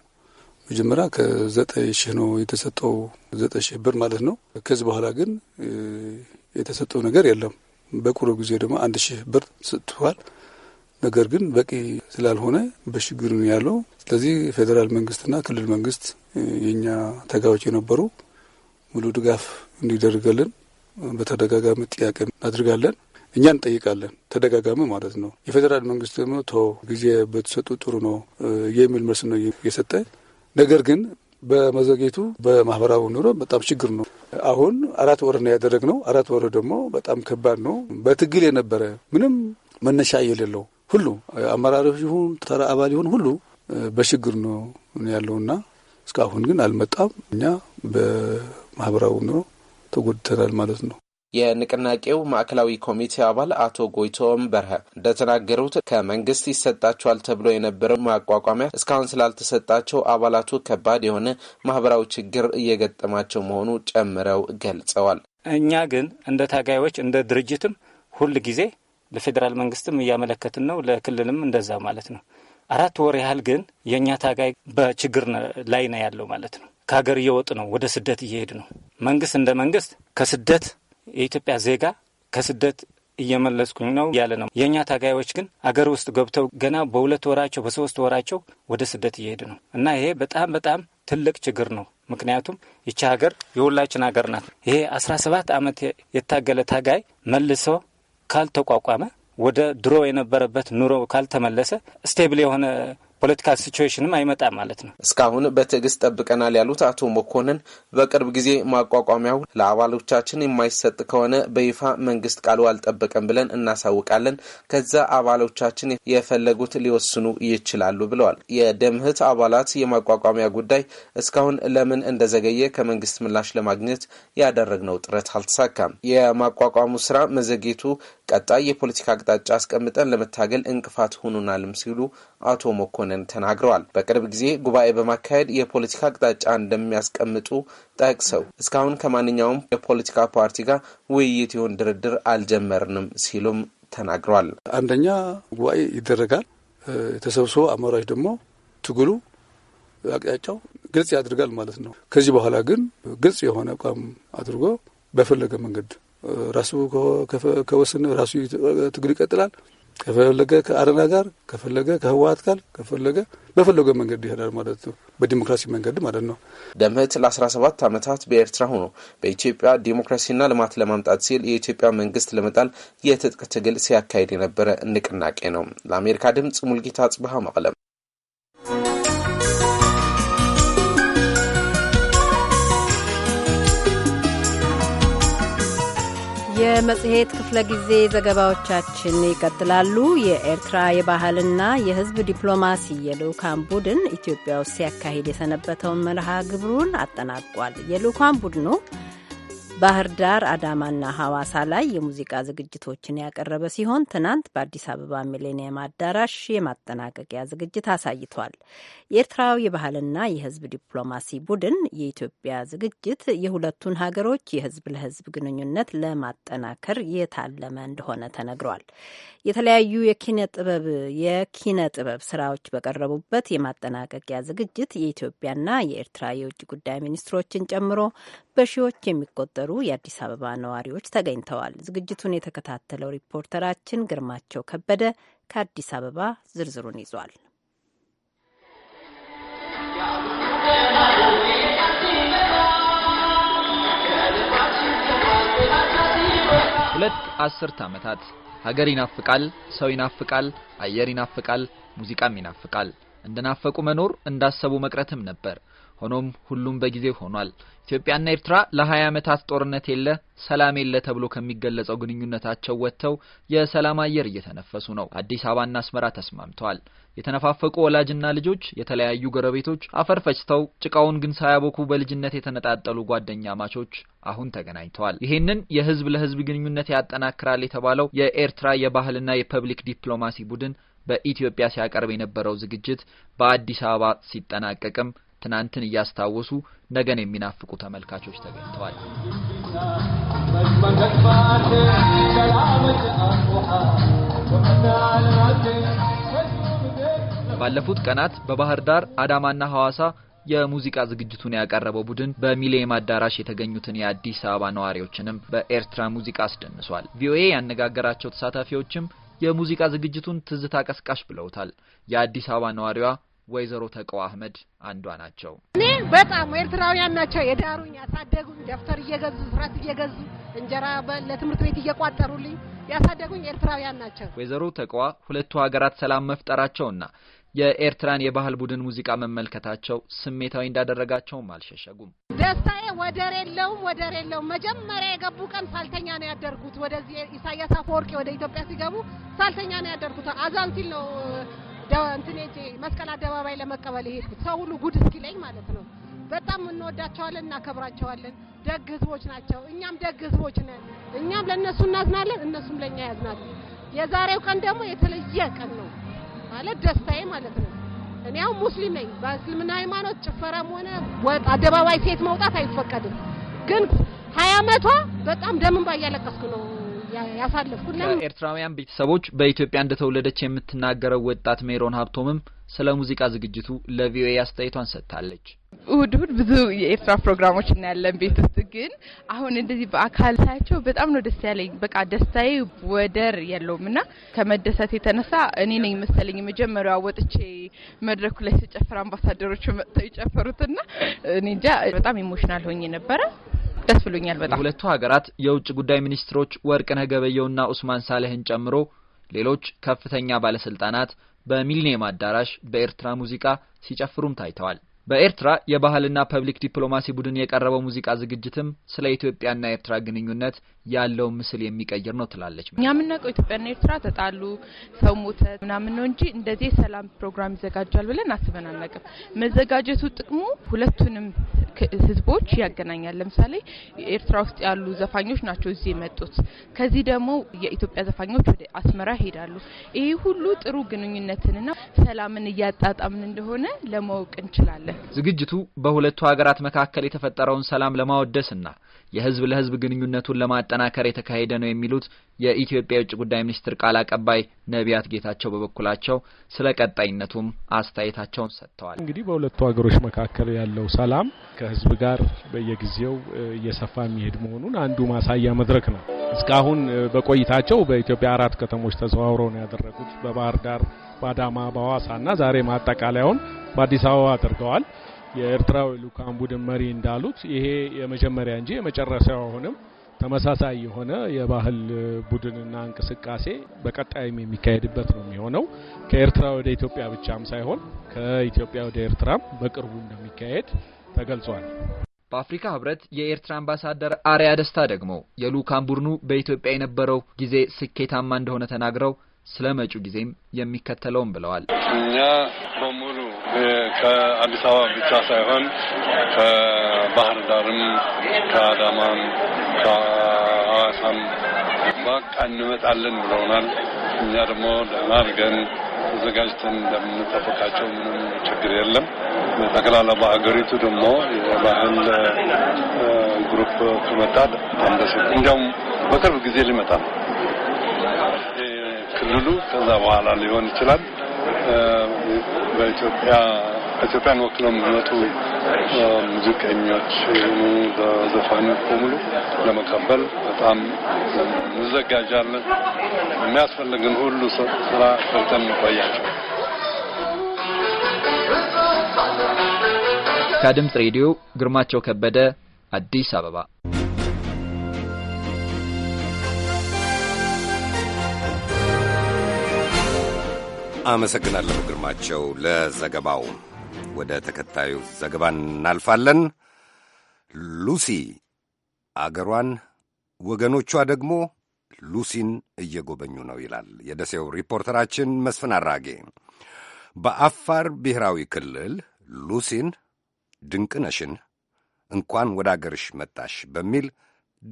መጀመሪያ ከዘጠኝ ሺህ ነው የተሰጠው፣ ዘጠኝ ሺህ ብር ማለት ነው። ከዚህ በኋላ ግን የተሰጠው ነገር የለም። በቅርብ ጊዜ ደግሞ አንድ ሺህ ብር ሰጥተዋል። ነገር ግን በቂ ስላልሆነ በሽግር ነው ያለው። ስለዚህ ፌዴራል መንግስትና ክልል መንግስት የእኛ ተጋዎች የነበሩ ሙሉ ድጋፍ እንዲደርገልን በተደጋጋሚ ጥያቄ እናድርጋለን። እኛ እንጠይቃለን፣ ተደጋጋሚ ማለት ነው። የፌዴራል መንግስት ደግሞ ቶ ጊዜ በተሰጡ ጥሩ ነው የሚል መልስ ነው የሰጠ። ነገር ግን በመዘጌቱ በማህበራዊ ኑሮ በጣም ችግር ነው። አሁን አራት ወር ነው ያደረግነው። አራት ወር ደግሞ በጣም ከባድ ነው። በትግል የነበረ ምንም መነሻ የሌለው ሁሉ አመራሪ ይሁን ተራ አባል ይሁን ሁሉ በችግር ነው ያለውና እስካሁን ግን አልመጣም። እኛ በማህበራዊ ኑሮ ተጎድተናል ማለት ነው። የንቅናቄው ማዕከላዊ ኮሚቴ አባል አቶ ጎይቶም በርሀ እንደተናገሩት ከመንግስት ይሰጣቸዋል ተብሎ የነበረው ማቋቋሚያ እስካሁን ስላልተሰጣቸው አባላቱ ከባድ የሆነ ማህበራዊ ችግር እየገጠማቸው መሆኑ ጨምረው ገልጸዋል። እኛ ግን እንደ ታጋዮች እንደ ድርጅትም ሁል ጊዜ ለፌዴራል መንግስትም እያመለከትን ነው፣ ለክልልም እንደዛ ማለት ነው። አራት ወር ያህል ግን የእኛ ታጋይ በችግር ላይ ነው ያለው ማለት ነው። ከሀገር እየወጡ ነው፣ ወደ ስደት እየሄዱ ነው። መንግስት እንደ መንግስት ከስደት የኢትዮጵያ ዜጋ ከስደት እየመለስኩኝ ነው ያለ ነው። የእኛ ታጋዮች ግን አገር ውስጥ ገብተው ገና በሁለት ወራቸው በሶስት ወራቸው ወደ ስደት እየሄዱ ነው እና ይሄ በጣም በጣም ትልቅ ችግር ነው። ምክንያቱም ይቺ ሀገር የሁላችን ሀገር ናት። ይሄ አስራ ሰባት ዓመት የታገለ ታጋይ መልሰው ካልተቋቋመ ወደ ድሮ የነበረበት ኑሮ ካልተመለሰ ስቴብል የሆነ ፖለቲካል ሲቹዌሽንም አይመጣም ማለት ነው። እስካሁን በትዕግስት ጠብቀናል ያሉት አቶ መኮንን በቅርብ ጊዜ ማቋቋሚያው ለአባሎቻችን የማይሰጥ ከሆነ በይፋ መንግስት ቃሉ አልጠበቀም ብለን እናሳውቃለን። ከዛ አባሎቻችን የፈለጉት ሊወስኑ ይችላሉ ብለዋል። የደምህት አባላት የማቋቋሚያ ጉዳይ እስካሁን ለምን እንደዘገየ ከመንግስት ምላሽ ለማግኘት ያደረግነው ጥረት አልተሳካም። የማቋቋሙ ስራ መዘግየቱ ቀጣይ የፖለቲካ አቅጣጫ አስቀምጠን ለመታገል እንቅፋት ሆኑናልም ሲሉ አቶ መኮንን ተናግረዋል። በቅርብ ጊዜ ጉባኤ በማካሄድ የፖለቲካ አቅጣጫ እንደሚያስቀምጡ ጠቅሰው እስካሁን ከማንኛውም የፖለቲካ ፓርቲ ጋር ውይይት ይሁን ድርድር አልጀመርንም ሲሉም ተናግረዋል። አንደኛ ጉባኤ ይደረጋል። የተሰብስበ አመራሽ ደግሞ ትግሉ አቅጣጫው ግልጽ ያድርጋል ማለት ነው። ከዚህ በኋላ ግን ግልጽ የሆነ አቋም አድርጎ በፈለገ መንገድ ራሱ ከወሰነ ራሱ ትግል ይቀጥላል። ከፈለገ ከአረና ጋር ከፈለገ ከህወሀት ጋር ከፈለገ በፈለገ መንገድ ይሄዳል ማለት ነው። በዲሞክራሲ መንገድ ማለት ነው። ደምህት ለ17 ዓመታት በኤርትራ ሆኖ በኢትዮጵያ ዲሞክራሲና ልማት ለማምጣት ሲል የኢትዮጵያ መንግስት ለመጣል የትጥቅ ትግል ሲያካሂድ የነበረ ንቅናቄ ነው። ለአሜሪካ ድምፅ ሙልጌታ ጽብሃ መቀለም የመጽሔት ክፍለ ጊዜ ዘገባዎቻችን ይቀጥላሉ። የኤርትራ የባህልና የሕዝብ ዲፕሎማሲ የልዑካን ቡድን ኢትዮጵያ ውስጥ ሲያካሂድ የሰነበተውን መርሃ ግብሩን አጠናቋል። የልዑካን ቡድኑ ባህር ዳር፣ አዳማና ሐዋሳ ላይ የሙዚቃ ዝግጅቶችን ያቀረበ ሲሆን ትናንት በአዲስ አበባ ሚሌኒየም አዳራሽ የማጠናቀቂያ ዝግጅት አሳይቷል። የኤርትራው የባህልና የሕዝብ ዲፕሎማሲ ቡድን የኢትዮጵያ ዝግጅት የሁለቱን ሀገሮች የሕዝብ ለሕዝብ ግንኙነት ለማጠናከር የታለመ እንደሆነ ተነግሯል። የተለያዩ የኪነ ጥበብ የኪነ ጥበብ ስራዎች በቀረቡበት የማጠናቀቂያ ዝግጅት የኢትዮጵያና የኤርትራ የውጭ ጉዳይ ሚኒስትሮችን ጨምሮ በሺዎች የሚቆጠሩ የነበሩ የአዲስ አበባ ነዋሪዎች ተገኝተዋል። ዝግጅቱን የተከታተለው ሪፖርተራችን ግርማቸው ከበደ ከአዲስ አበባ ዝርዝሩን ይዟል። ሁለት አስርት ዓመታት ሀገር ይናፍቃል፣ ሰው ይናፍቃል፣ አየር ይናፍቃል፣ ሙዚቃም ይናፍቃል። እንደናፈቁ መኖር እንዳሰቡ መቅረትም ነበር ሆኖም ሁሉም በጊዜው ሆኗል። ኢትዮጵያና ኤርትራ ለ20 ዓመታት ጦርነት የለ ሰላም የለ ተብሎ ከሚገለጸው ግንኙነታቸው ወጥተው የሰላም አየር እየተነፈሱ ነው። አዲስ አበባና አስመራ ተስማምተዋል። የተነፋፈቁ ወላጅና ልጆች፣ የተለያዩ ጎረቤቶች አፈር ፈጭተው ጭቃውን ግን ሳያቦኩ በልጅነት የተነጣጠሉ ጓደኛ ማቾች አሁን ተገናኝተዋል። ይህንን የህዝብ ለህዝብ ግንኙነት ያጠናክራል የተባለው የኤርትራ የባህልና የፐብሊክ ዲፕሎማሲ ቡድን በኢትዮጵያ ሲያቀርብ የነበረው ዝግጅት በአዲስ አበባ ሲጠናቀቅም ትናንትን እያስታወሱ ነገን የሚናፍቁ ተመልካቾች ተገኝተዋል። ባለፉት ቀናት በባህር ዳር፣ አዳማና ሐዋሳ የሙዚቃ ዝግጅቱን ያቀረበው ቡድን በሚሌኒየም አዳራሽ የተገኙትን የአዲስ አበባ ነዋሪዎችንም በኤርትራ ሙዚቃ አስደንሷል። ቪኦኤ ያነጋገራቸው ተሳታፊዎችም የሙዚቃ ዝግጅቱን ትዝታ ቀስቃሽ ብለውታል። የአዲስ አበባ ነዋሪዋ ወይዘሮ ተቀዋ አህመድ አንዷ ናቸው። እኔ በጣም ኤርትራውያን ናቸው የዳሩኝ፣ ያሳደጉኝ፣ ደብተር እየገዙ ስራት እየገዙ እንጀራ ለትምህርት ቤት እየቋጠሩልኝ ያሳደጉኝ ኤርትራውያን ናቸው። ወይዘሮ ተቀዋ ሁለቱ ሀገራት ሰላም መፍጠራቸውና የኤርትራን የባህል ቡድን ሙዚቃ መመልከታቸው ስሜታዊ እንዳደረጋቸውም አልሸሸጉም። ደስታዬ ወደር የለውም ወደር የለውም። መጀመሪያ የገቡ ቀን ሳልተኛ ነው ያደርጉት። ወደዚህ ኢሳያስ አፈወርቂ ወደ ኢትዮጵያ ሲገቡ ሳልተኛ ነው ያደርጉት። አዛን ሲል ነው መስቀል አደባባይ ለመቀበል የሄድኩት ሰው ሁሉ ጉድ እስኪለኝ ማለት ነው። በጣም እንወዳቸዋለን፣ እናከብራቸዋለን። ደግ ህዝቦች ናቸው። እኛም ደግ ህዝቦች ነን። እኛም ለእነሱ እናዝናለን፣ እነሱም ለእኛ ያዝናሉ። የዛሬው ቀን ደግሞ የተለየ ቀን ነው ማለት ደስታዬ ማለት ነው። እኔ ሙስሊም ነኝ። በእስልምና ሃይማኖት ጭፈራም ሆነ ወጥ አደባባይ ሴት መውጣት አይፈቀድም። ግን ሀያ ዓመቷ በጣም ደምን ባያለቀስኩ ነው ያሳለፍኩና ኤርትራውያን ቤተሰቦች በኢትዮጵያ እንደተወለደች የምትናገረው ወጣት ሜሮን ሀብቶምም ስለ ሙዚቃ ዝግጅቱ ለቪኦኤ አስተያየቷን ሰጥታለች። እሁድ እሁድ ብዙ የኤርትራ ፕሮግራሞች እናያለን ቤት ውስጥ ግን አሁን እንደዚህ በአካል ሳያቸው በጣም ነው ደስ ያለኝ። በቃ ደስታዬ ወደር የለውም እና ከመደሰት የተነሳ እኔ ነኝ መሰለኝ መጀመሪያ ወጥቼ መድረኩ ላይ ስጨፍር አምባሳደሮቹ መጥተው የጨፈሩትና እኔ እንጃ በጣም ኢሞሽናል ሆኜ ነበረ። ደስ ብሎኛል በጣም። ሁለቱ ሀገራት የውጭ ጉዳይ ሚኒስትሮች ወርቅነህ ገበየውና ኡስማን ሳልህን ጨምሮ ሌሎች ከፍተኛ ባለስልጣናት በሚሊኒየም አዳራሽ በኤርትራ ሙዚቃ ሲጨፍሩም ታይተዋል። በኤርትራ የባህልና ፐብሊክ ዲፕሎማሲ ቡድን የቀረበው ሙዚቃ ዝግጅትም ስለ ኢትዮጵያና ኤርትራ ግንኙነት ያለውን ምስል የሚቀይር ነው ትላለች። እኛ የምናውቀው ኢትዮጵያና ኤርትራ ተጣሉ፣ ሰው ሞተ ምናምን ነው እንጂ እንደዚህ የሰላም ፕሮግራም ይዘጋጃል ብለን አስበን አናውቅም። መዘጋጀቱ ጥቅሙ ሁለቱንም ህዝቦች ያገናኛል። ለምሳሌ ኤርትራ ውስጥ ያሉ ዘፋኞች ናቸው እዚህ የመጡት። ከዚህ ደግሞ የኢትዮጵያ ዘፋኞች ወደ አስመራ ይሄዳሉ። ይሄ ሁሉ ጥሩ ግንኙነትንና ሰላምን እያጣጣምን እንደሆነ ለማወቅ እንችላለን። እናደርጋለን። ዝግጅቱ በሁለቱ ሀገራት መካከል የተፈጠረውን ሰላም ለማወደስና የህዝብ ለህዝብ ግንኙነቱን ለማጠናከር የተካሄደ ነው የሚሉት የኢትዮጵያ የውጭ ጉዳይ ሚኒስትር ቃል አቀባይ ነቢያት ጌታቸው በበኩላቸው ስለ ቀጣይነቱም አስተያየታቸውን ሰጥተዋል። እንግዲህ በሁለቱ ሀገሮች መካከል ያለው ሰላም ከህዝብ ጋር በየጊዜው እየሰፋ የሚሄድ መሆኑን አንዱ ማሳያ መድረክ ነው። እስካሁን በቆይታቸው በኢትዮጵያ አራት ከተሞች ተዘዋውረው ነው ያደረጉት። በባህር ዳር፣ በአዳማ፣ በሐዋሳና ዛሬ ማጠቃለያውን በአዲስ አበባ አድርገዋል። የኤርትራዊ ልዑካን ቡድን መሪ እንዳሉት ይሄ የመጀመሪያ እንጂ የመጨረሻው አይሆንም። ተመሳሳይ የሆነ የባህል ቡድንና እንቅስቃሴ በቀጣይም የሚካሄድበት ነው የሚሆነው። ከኤርትራ ወደ ኢትዮጵያ ብቻም ሳይሆን ከኢትዮጵያ ወደ ኤርትራም በቅርቡ እንደሚካሄድ ተገልጿል። በአፍሪካ ህብረት የኤርትራ አምባሳደር አሪያ ደስታ ደግሞ የልኡካን ቡድኑ በኢትዮጵያ የነበረው ጊዜ ስኬታማ እንደሆነ ተናግረው ስለ መጪው ጊዜም የሚከተለውም ብለዋል። እኛ በሙሉ ከአዲስ አበባ ብቻ ሳይሆን ከባህር ዳርም፣ ከአዳማም፣ ከአዋሳም በቃ እንመጣለን ብለውናል። እኛ ደግሞ ደህና አድርገን ተዘጋጅተን እንደምንጠብቃቸው ምንም ችግር የለም። ጠቅላላ በሀገሪቱ ደግሞ የባህል ግሩፕ ከመጣ በጣም ደስ እንዲያውም በቅርብ ጊዜ ሊመጣ ነው ክልሉ ከዛ በኋላ ሊሆን ይችላል በኢትዮጵያ ኢትዮጵያን ወክለው የሚመጡ ሙዚቀኞች የሆኑ ዘፋኞች በሙሉ ለመቀበል በጣም እንዘጋጃለን። የሚያስፈልግን ሁሉ ስራ ፈልጠን እንቆያቸው። ከድምፅ ሬዲዮ ግርማቸው ከበደ አዲስ አበባ። አመሰግናለሁ ግርማቸው ለዘገባው። ወደ ተከታዩ ዘገባ እናልፋለን። ሉሲ አገሯን ወገኖቿ ደግሞ ሉሲን እየጎበኙ ነው ይላል የደሴው ሪፖርተራችን መስፍን አራጌ። በአፋር ብሔራዊ ክልል ሉሲን ድንቅነሽን እንኳን ወደ አገርሽ መጣሽ በሚል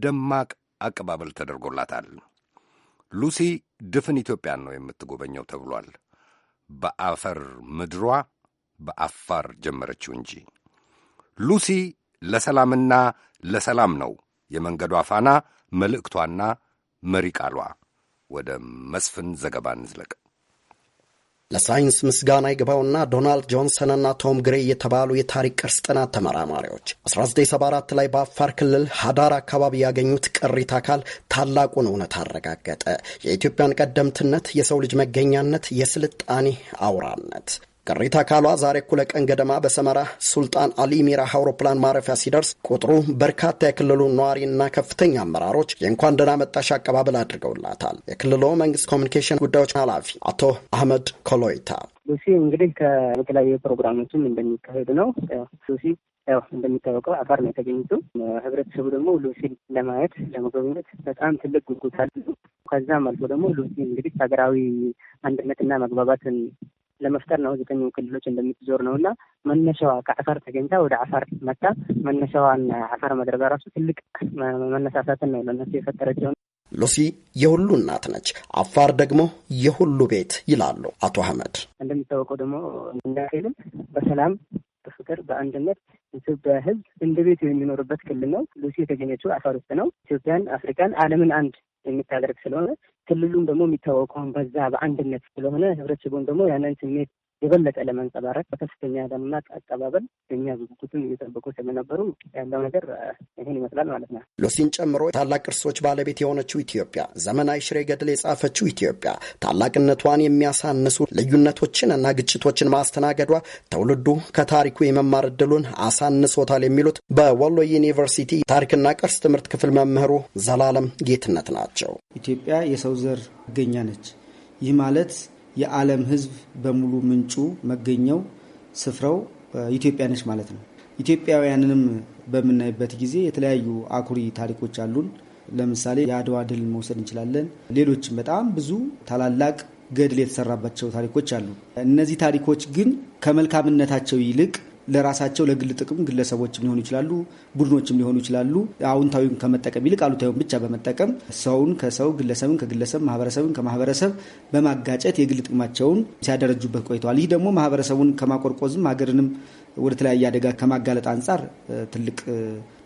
ደማቅ አቀባበል ተደርጎላታል። ሉሲ ድፍን ኢትዮጵያን ነው የምትጎበኘው ተብሏል። በአፈር ምድሯ በአፋር ጀመረችው እንጂ። ሉሲ ለሰላምና ለሰላም ነው የመንገዷ ፋና መልእክቷና መሪ ቃሏ። ወደ መስፍን ዘገባ እንዝለቅ። ለሳይንስ ምስጋና ይግባውና ዶናልድ ጆንሰንና ቶም ግሬ የተባሉ የታሪክ ቅርስ ጥናት ተመራማሪዎች 1974 ላይ በአፋር ክልል ሀዳር አካባቢ ያገኙት ቅሪት አካል ታላቁን እውነት አረጋገጠ። የኢትዮጵያን ቀደምትነት፣ የሰው ልጅ መገኛነት፣ የስልጣኔ አውራነት ቅሪት አካሏ ዛሬ እኩለ ቀን ገደማ በሰመራ ሱልጣን አሊ ሚራህ አውሮፕላን ማረፊያ ሲደርስ ቁጥሩ በርካታ የክልሉ ነዋሪና ከፍተኛ አመራሮች የእንኳን ደህና መጣሽ አቀባበል አድርገውላታል። የክልሉ መንግስት ኮሚኒኬሽን ጉዳዮች ኃላፊ አቶ አህመድ ኮሎይታ ሉሲ እንግዲህ ከተለያዩ ፕሮግራሞችም እንደሚካሄድ ነው። ሉሲ ያው እንደሚታወቀው አፋር ነው የተገኘችው። ህብረተሰቡ ደግሞ ሉሲን ለማየት ለመጎብኘት በጣም ትልቅ ጉጉት አለ። ከዛም አልፎ ደግሞ ሉሲ እንግዲህ ሀገራዊ አንድነትና መግባባትን ለመፍጠር ነው ዘጠኙ ክልሎች እንደምትዞር ነው እና መነሻዋ ከአፈር ተገኝታ ወደ አፈር መታ መነሻዋን አፈር ማድረግ ራሱ ትልቅ መነሳሳትን ነው ለነሱ የፈጠረችው። ሉሲ የሁሉ እናት ነች፣ አፋር ደግሞ የሁሉ ቤት ይላሉ አቶ አህመድ። እንደሚታወቀው ደግሞ እንዳይልም በሰላም በፍቅር በአንድነት ኢትዮጵያ ሕዝብ እንደ ቤት የሚኖርበት ክልል ነው። ሉሲ የተገኘችው አፋር ውስጥ ነው። ኢትዮጵያን፣ አፍሪካን፣ ዓለምን አንድ የምታደርግ ስለሆነ ክልሉም ደግሞ የሚታወቀውን በዛ በአንድነት ስለሆነ ህብረተሰቡን ደግሞ ያንን ስሜት የበለጠ ለመንጸባረቅ በከፍተኛ ደምና አቀባበል እኛ ዝግጅቱን እየጠበቁ ስለነበሩ ያለው ነገር ይህን ይመስላል ማለት ነው። ሎሲን ጨምሮ ታላቅ ቅርሶች ባለቤት የሆነችው ኢትዮጵያ ዘመናዊ ሽሬ ገድል የጻፈችው ኢትዮጵያ ታላቅነቷን የሚያሳንሱ እና ግጭቶችን ማስተናገዷ ትውልዱ ከታሪኩ የመማር እድሉን አሳንሶታል የሚሉት በወሎ ዩኒቨርሲቲ ታሪክና ቅርስ ትምህርት ክፍል መምህሩ ዘላለም ጌትነት ናቸው። ኢትዮጵያ የሰው ዘር ገኛ ነች። ይህ ማለት የዓለም ሕዝብ በሙሉ ምንጩ መገኘው ስፍራው ኢትዮጵያ ነች ማለት ነው። ኢትዮጵያውያንንም በምናይበት ጊዜ የተለያዩ አኩሪ ታሪኮች አሉን። ለምሳሌ የአድዋ ድል መውሰድ እንችላለን። ሌሎችም በጣም ብዙ ታላላቅ ገድል የተሰራባቸው ታሪኮች አሉ። እነዚህ ታሪኮች ግን ከመልካምነታቸው ይልቅ ለራሳቸው ለግል ጥቅም ግለሰቦችም ሊሆኑ ይችላሉ፣ ቡድኖችም ሊሆኑ ይችላሉ። አዎንታዊውን ከመጠቀም ይልቅ አሉታዊም ብቻ በመጠቀም ሰውን ከሰው ግለሰብን ከግለሰብ ማህበረሰብን ከማህበረሰብ በማጋጨት የግል ጥቅማቸውን ሲያደረጁበት ቆይተዋል። ይህ ደግሞ ማህበረሰቡን ከማቆርቆዝም ሀገርንም ወደ ተለያየ አደጋ ከማጋለጥ አንጻር ትልቅ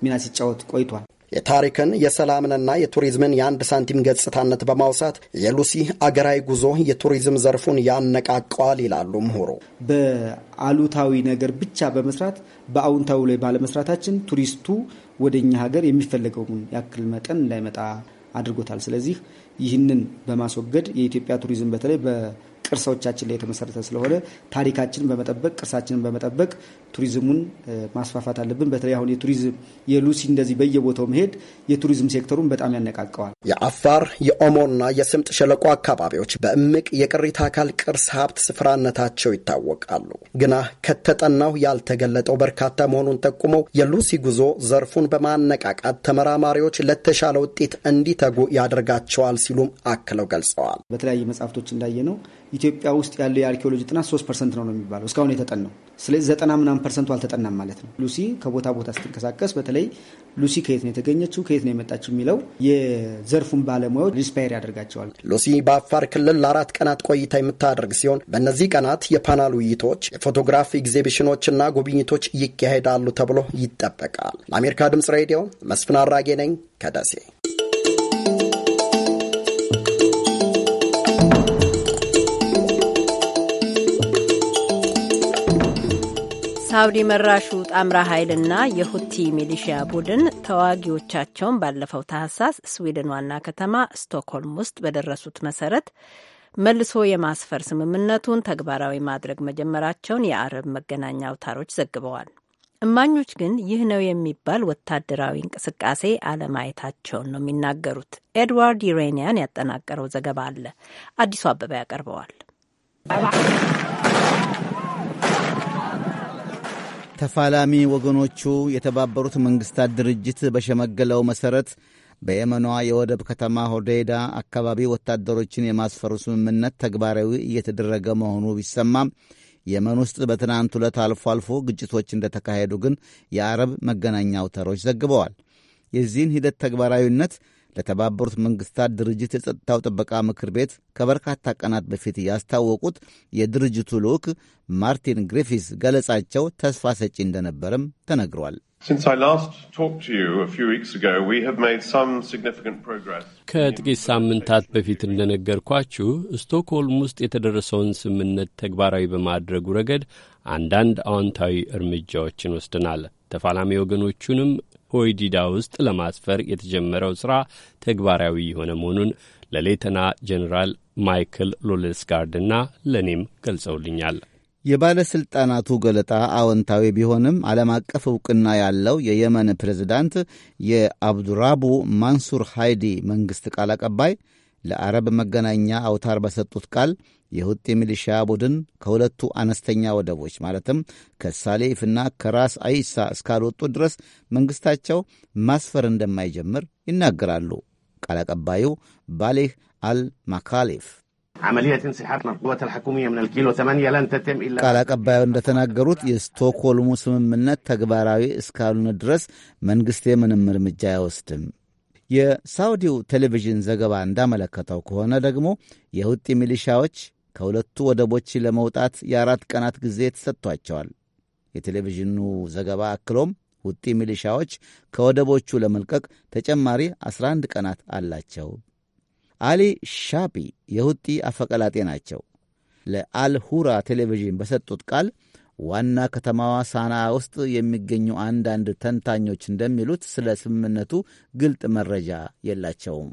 ሚና ሲጫወት ቆይቷል። የታሪክን የሰላምንና የቱሪዝምን የአንድ ሳንቲም ገጽታነት በማውሳት የሉሲ አገራዊ ጉዞ የቱሪዝም ዘርፉን ያነቃቀዋል ይላሉ ምሁሩ። በአሉታዊ ነገር ብቻ በመስራት በአውንታዊ ላይ ባለመስራታችን ቱሪስቱ ወደ እኛ ሀገር የሚፈለገውን ያክል መጠን እንዳይመጣ አድርጎታል። ስለዚህ ይህንን በማስወገድ የኢትዮጵያ ቱሪዝም በተለይ ቅርሶቻችን ላይ የተመሰረተ ስለሆነ ታሪካችንን በመጠበቅ ቅርሳችንን በመጠበቅ ቱሪዝሙን ማስፋፋት አለብን። በተለይ አሁን የቱሪዝም የሉሲ እንደዚህ በየቦታው መሄድ የቱሪዝም ሴክተሩን በጣም ያነቃቀዋል። የአፋር የኦሞና የስምጥ ሸለቆ አካባቢዎች በእምቅ የቅሪተ አካል ቅርስ ሀብት ስፍራነታቸው ይታወቃሉ። ግና ከተጠናው ያልተገለጠው በርካታ መሆኑን ጠቁመው የሉሲ ጉዞ ዘርፉን በማነቃቃት ተመራማሪዎች ለተሻለ ውጤት እንዲተጉ ያደርጋቸዋል ሲሉም አክለው ገልጸዋል። በተለያየ መጽሐፍቶች እንዳየ ነው ኢትዮጵያ ውስጥ ያለው የአርኪኦሎጂ ጥናት ሶስት ፐርሰንት ነው ነው የሚባለው እስካሁን የተጠናው። ስለዚህ ዘጠና ምናምን ፐርሰንቱ አልተጠናም ማለት ነው። ሉሲ ከቦታ ቦታ ስትንቀሳቀስ በተለይ ሉሲ ከየት ነው የተገኘችው ከየት ነው የመጣችው የሚለው የዘርፉን ባለሙያዎች ኢንስፓየር ያደርጋቸዋል። ሉሲ በአፋር ክልል ለአራት ቀናት ቆይታ የምታደርግ ሲሆን በእነዚህ ቀናት የፓናል ውይይቶች፣ የፎቶግራፍ ኤግዚቢሽኖችና ጉብኝቶች ይካሄዳሉ ተብሎ ይጠበቃል። ለአሜሪካ ድምጽ ሬዲዮ መስፍን አራጌ ነኝ ከደሴ። ሳውዲ መራሹ ጣምራ ኃይልና የሁቲ ሚሊሺያ ቡድን ተዋጊዎቻቸውን ባለፈው ታህሳስ ስዊድን ዋና ከተማ ስቶክሆልም ውስጥ በደረሱት መሰረት መልሶ የማስፈር ስምምነቱን ተግባራዊ ማድረግ መጀመራቸውን የአረብ መገናኛ አውታሮች ዘግበዋል። እማኞች ግን ይህ ነው የሚባል ወታደራዊ እንቅስቃሴ አለማየታቸውን ነው የሚናገሩት። ኤድዋርድ ዩሬኒያን ያጠናቀረው ዘገባ አለ፣ አዲሱ አበባ ያቀርበዋል። ተፋላሚ ወገኖቹ የተባበሩት መንግሥታት ድርጅት በሸመገለው መሠረት በየመኗ የወደብ ከተማ ሆዴዳ አካባቢ ወታደሮችን የማስፈሩ ስምምነት ተግባራዊ እየተደረገ መሆኑ ቢሰማም የመን ውስጥ በትናንት ዕለት አልፎ አልፎ ግጭቶች እንደተካሄዱ ግን የአረብ መገናኛ አውታሮች ዘግበዋል። የዚህን ሂደት ተግባራዊነት ለተባበሩት መንግስታት ድርጅት የጸጥታው ጥበቃ ምክር ቤት ከበርካታ ቀናት በፊት ያስታወቁት የድርጅቱ ልዑክ ማርቲን ግሪፊስ ገለጻቸው ተስፋ ሰጪ እንደነበረም ተነግሯል። ከጥቂት ሳምንታት በፊት እንደነገርኳችሁ ስቶክሆልም ውስጥ የተደረሰውን ስምምነት ተግባራዊ በማድረጉ ረገድ አንዳንድ አዎንታዊ እርምጃዎችን ወስደናል። ተፋላሚ ወገኖቹንም ሆይዲዳ ውስጥ ለማስፈር የተጀመረው ሥራ ተግባራዊ የሆነ መሆኑን ለሌተና ጀኔራል ማይክል ሎሌስጋርድና ለእኔም ገልጸውልኛል። የባለሥልጣናቱ ገለጣ አዎንታዊ ቢሆንም ዓለም አቀፍ ዕውቅና ያለው የየመን ፕሬዝዳንት የአብዱራቡ ማንሱር ሃይዲ መንግሥት ቃል አቀባይ ለአረብ መገናኛ አውታር በሰጡት ቃል የሁጤ ሚሊሻ ቡድን ከሁለቱ አነስተኛ ወደቦች ማለትም ከሳሌፍና ከራስ አይሳ እስካልወጡ ድረስ መንግሥታቸው ማስፈር እንደማይጀምር ይናገራሉ። ቃል አቀባዩ ባሌህ አልማካሌፍ ቃል አቀባዩ እንደተናገሩት የስቶክሆልሙ ስምምነት ተግባራዊ እስካሉን ድረስ መንግሥቴ ምንም እርምጃ አይወስድም። የሳውዲው ቴሌቪዥን ዘገባ እንዳመለከተው ከሆነ ደግሞ የሁጢ ሚሊሻዎች ከሁለቱ ወደቦች ለመውጣት የአራት ቀናት ጊዜ ተሰጥቷቸዋል። የቴሌቪዥኑ ዘገባ አክሎም ሁጢ ሚሊሻዎች ከወደቦቹ ለመልቀቅ ተጨማሪ 11 ቀናት አላቸው። አሊ ሻፒ የሁጢ አፈቀላጤ ናቸው። ለአልሁራ ቴሌቪዥን በሰጡት ቃል ዋና ከተማዋ ሳና ውስጥ የሚገኙ አንዳንድ ተንታኞች እንደሚሉት ስለ ስምምነቱ ግልጥ መረጃ የላቸውም።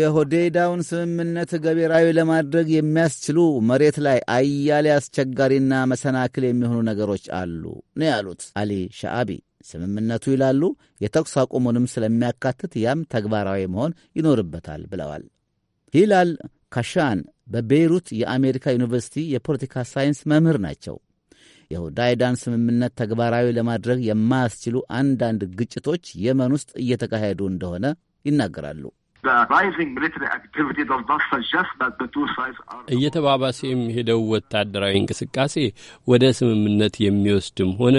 የሆዴዳውን ስምምነት ገቢራዊ ለማድረግ የሚያስችሉ መሬት ላይ አያሌ አስቸጋሪና መሰናክል የሚሆኑ ነገሮች አሉ ነው ያሉት አሊ ሻአቢ። ስምምነቱ ይላሉ የተኩስ አቁሙንም ስለሚያካትት ያም ተግባራዊ መሆን ይኖርበታል ብለዋል። ሂላል ካሻን በቤይሩት የአሜሪካ ዩኒቨርሲቲ የፖለቲካ ሳይንስ መምህር ናቸው። የሁዳይዳን ስምምነት ተግባራዊ ለማድረግ የማያስችሉ አንዳንድ ግጭቶች የመን ውስጥ እየተካሄዱ እንደሆነ ይናገራሉ። እየተባባሰ የሚሄደው ወታደራዊ እንቅስቃሴ ወደ ስምምነት የሚወስድም ሆነ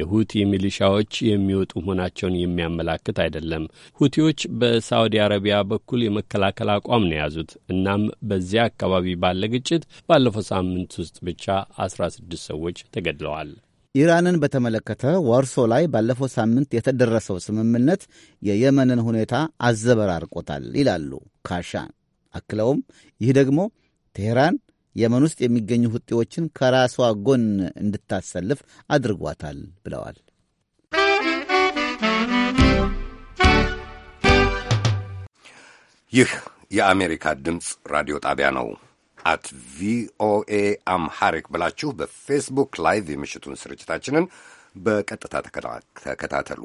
የሁቲ ሚሊሻዎች የሚወጡ መሆናቸውን የሚያመላክት አይደለም። ሁቲዎች በሳውዲ አረቢያ በኩል የመከላከል አቋም ነው የያዙት። እናም በዚያ አካባቢ ባለ ግጭት ባለፈው ሳምንት ውስጥ ብቻ አስራ ስድስት ሰዎች ተገድለዋል። ኢራንን በተመለከተ ዋርሶ ላይ ባለፈው ሳምንት የተደረሰው ስምምነት የየመንን ሁኔታ አዘበራርቆታል ይላሉ ካሻን። አክለውም ይህ ደግሞ ቴሄራን የመን ውስጥ የሚገኙ ሁጤዎችን ከራሷ ጎን እንድታሰልፍ አድርጓታል ብለዋል። ይህ የአሜሪካ ድምፅ ራዲዮ ጣቢያ ነው። አት ቪኦኤ አምሐሪክ ብላችሁ በፌስቡክ ላይቭ የምሽቱን ስርጭታችንን በቀጥታ ተከታተሉ።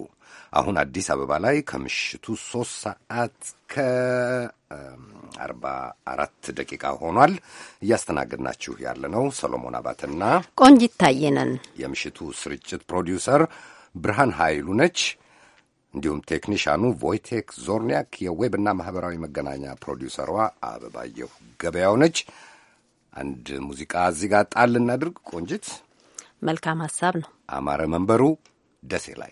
አሁን አዲስ አበባ ላይ ከምሽቱ ሶስት ሰዓት ከአርባ አራት ደቂቃ ሆኗል። እያስተናገድናችሁ ያለነው ሰሎሞን አባትና ቆንጂት ታየነን። የምሽቱ ስርጭት ፕሮዲውሰር ብርሃን ኃይሉ ነች። እንዲሁም ቴክኒሻኑ ቮይቴክ ዞርኒያክ፣ የዌብና ማኅበራዊ መገናኛ ፕሮዲውሰሯ አበባየሁ ገበያው ነች። አንድ ሙዚቃ እዚህ ጋር ጣል እናድርግ። ቆንጅት፣ መልካም ሀሳብ ነው። አማረ መንበሩ ደሴ ላይ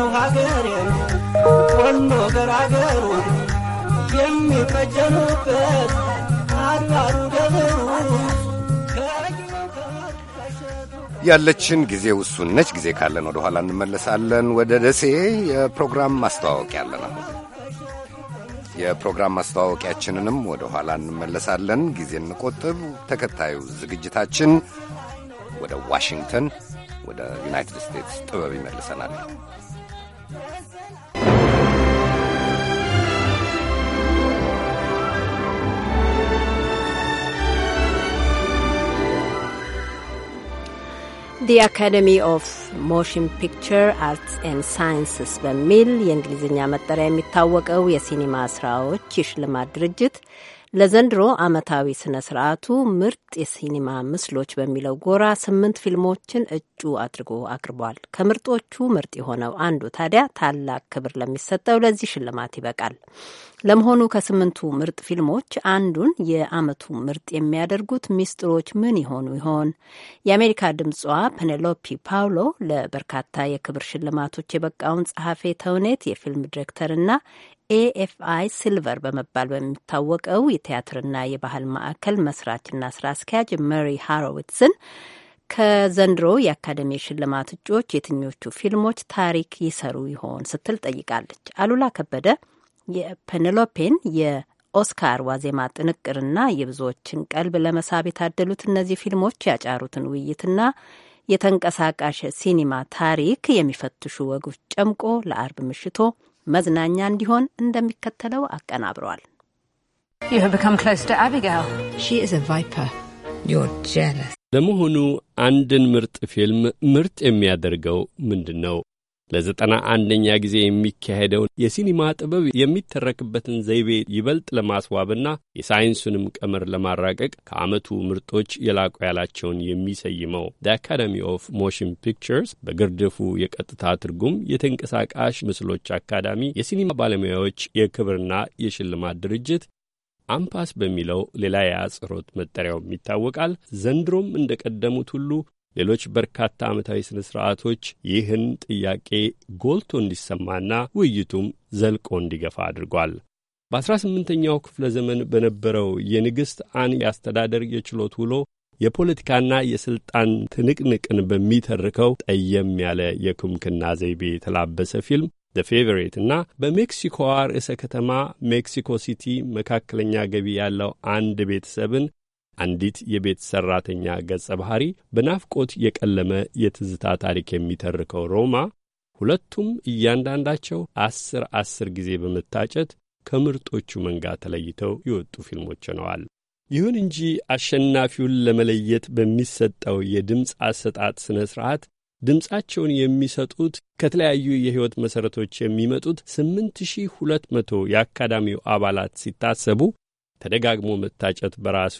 ነው ሀገሬ ወሎ ገራገሩ የሚፈጀኑበት አጋሩ ገበሩ ያለችን ጊዜ ውሱን ነች። ጊዜ ካለን ወደ ኋላ እንመለሳለን። ወደ ደሴ የፕሮግራም ማስተዋወቂያ አለ ነው። የፕሮግራም ማስተዋወቂያችንንም ወደ ኋላ እንመለሳለን። ጊዜ እንቆጥብ። ተከታዩ ዝግጅታችን ወደ ዋሽንግተን ወደ ዩናይትድ ስቴትስ ጥበብ ይመልሰናል። ዲ አካደሚ ኦፍ ሞሽን ፒክቸር አርትስ ኤንድ ሳይንስስ በሚል የእንግሊዝኛ መጠሪያ የሚታወቀው የሲኒማ ስራዎች የሽልማት ድርጅት ለዘንድሮ ዓመታዊ ስነ ስርዓቱ ምርጥ የሲኒማ ምስሎች በሚለው ጎራ ስምንት ፊልሞችን እጩ አድርጎ አቅርቧል። ከምርጦቹ ምርጥ የሆነው አንዱ ታዲያ ታላቅ ክብር ለሚሰጠው ለዚህ ሽልማት ይበቃል። ለመሆኑ ከስምንቱ ምርጥ ፊልሞች አንዱን የአመቱ ምርጥ የሚያደርጉት ሚስጥሮች ምን ይሆኑ ይሆን? የአሜሪካ ድምጿ ፔኔሎፒ ፓውሎ ለበርካታ የክብር ሽልማቶች የበቃውን ጸሐፌ ተውኔት የፊልም ዲሬክተርና ኤኤፍአይ ሲልቨር በመባል በሚታወቀው የቲያትርና የባህል ማዕከል መስራችና ስራ አስኪያጅ መሪ ሃሮዊትስን ከዘንድሮ የአካደሚ ሽልማት እጩዎች የትኞቹ ፊልሞች ታሪክ ይሰሩ ይሆን ስትል ጠይቃለች። አሉላ ከበደ የፔኔሎፔን የኦስካር ዋዜማ ጥንቅርና የብዙዎችን ቀልብ ለመሳብ የታደሉት እነዚህ ፊልሞች ያጫሩትን ውይይትና የተንቀሳቃሽ ሲኒማ ታሪክ የሚፈትሹ ወጎች ጨምቆ ለአርብ ምሽቶ መዝናኛ እንዲሆን እንደሚከተለው አቀናብረዋል። ለመሆኑ አንድን ምርጥ ፊልም ምርጥ የሚያደርገው ምንድን ነው? ለዘጠና አንደኛ ጊዜ የሚካሄደውን የሲኒማ ጥበብ የሚተረክበትን ዘይቤ ይበልጥ ለማስዋብና የሳይንሱንም ቀመር ለማራቀቅ ከዓመቱ ምርጦች የላቁ ያላቸውን የሚሰይመው ዘ አካደሚ ኦፍ ሞሽን ፒክቸርስ በግርድፉ የቀጥታ ትርጉም የተንቀሳቃሽ ምስሎች አካዳሚ የሲኒማ ባለሙያዎች የክብርና የሽልማት ድርጅት አምፓስ በሚለው ሌላ የአጽሮት መጠሪያውም ይታወቃል። ዘንድሮም እንደ ቀደሙት ሁሉ ሌሎች በርካታ ዓመታዊ ሥነ ሥርዓቶች ይህን ጥያቄ ጎልቶ እንዲሰማና ውይይቱም ዘልቆ እንዲገፋ አድርጓል። በአስራ ስምንተኛው ክፍለ ዘመን በነበረው የንግሥት አን የአስተዳደር የችሎት ውሎ የፖለቲካና የሥልጣን ትንቅንቅን በሚተርከው ጠየም ያለ የኩምክና ዘይቤ የተላበሰ ፊልም ዘ ፌቨሬት እና በሜክሲኮዋ ርዕሰ ከተማ ሜክሲኮ ሲቲ መካከለኛ ገቢ ያለው አንድ ቤተሰብን አንዲት የቤት ሠራተኛ ገጸ ባህሪ በናፍቆት የቀለመ የትዝታ ታሪክ የሚተርከው ሮማ ሁለቱም እያንዳንዳቸው አስር አስር ጊዜ በመታጨት ከምርጦቹ መንጋ ተለይተው የወጡ ፊልሞች ሆነዋል። ይሁን እንጂ አሸናፊውን ለመለየት በሚሰጠው የድምፅ አሰጣጥ ሥነ ሥርዓት ድምፃቸውን የሚሰጡት ከተለያዩ የሕይወት መሠረቶች የሚመጡት 2መቶ የአካዳሚው አባላት ሲታሰቡ ተደጋግሞ መታጨት በራሱ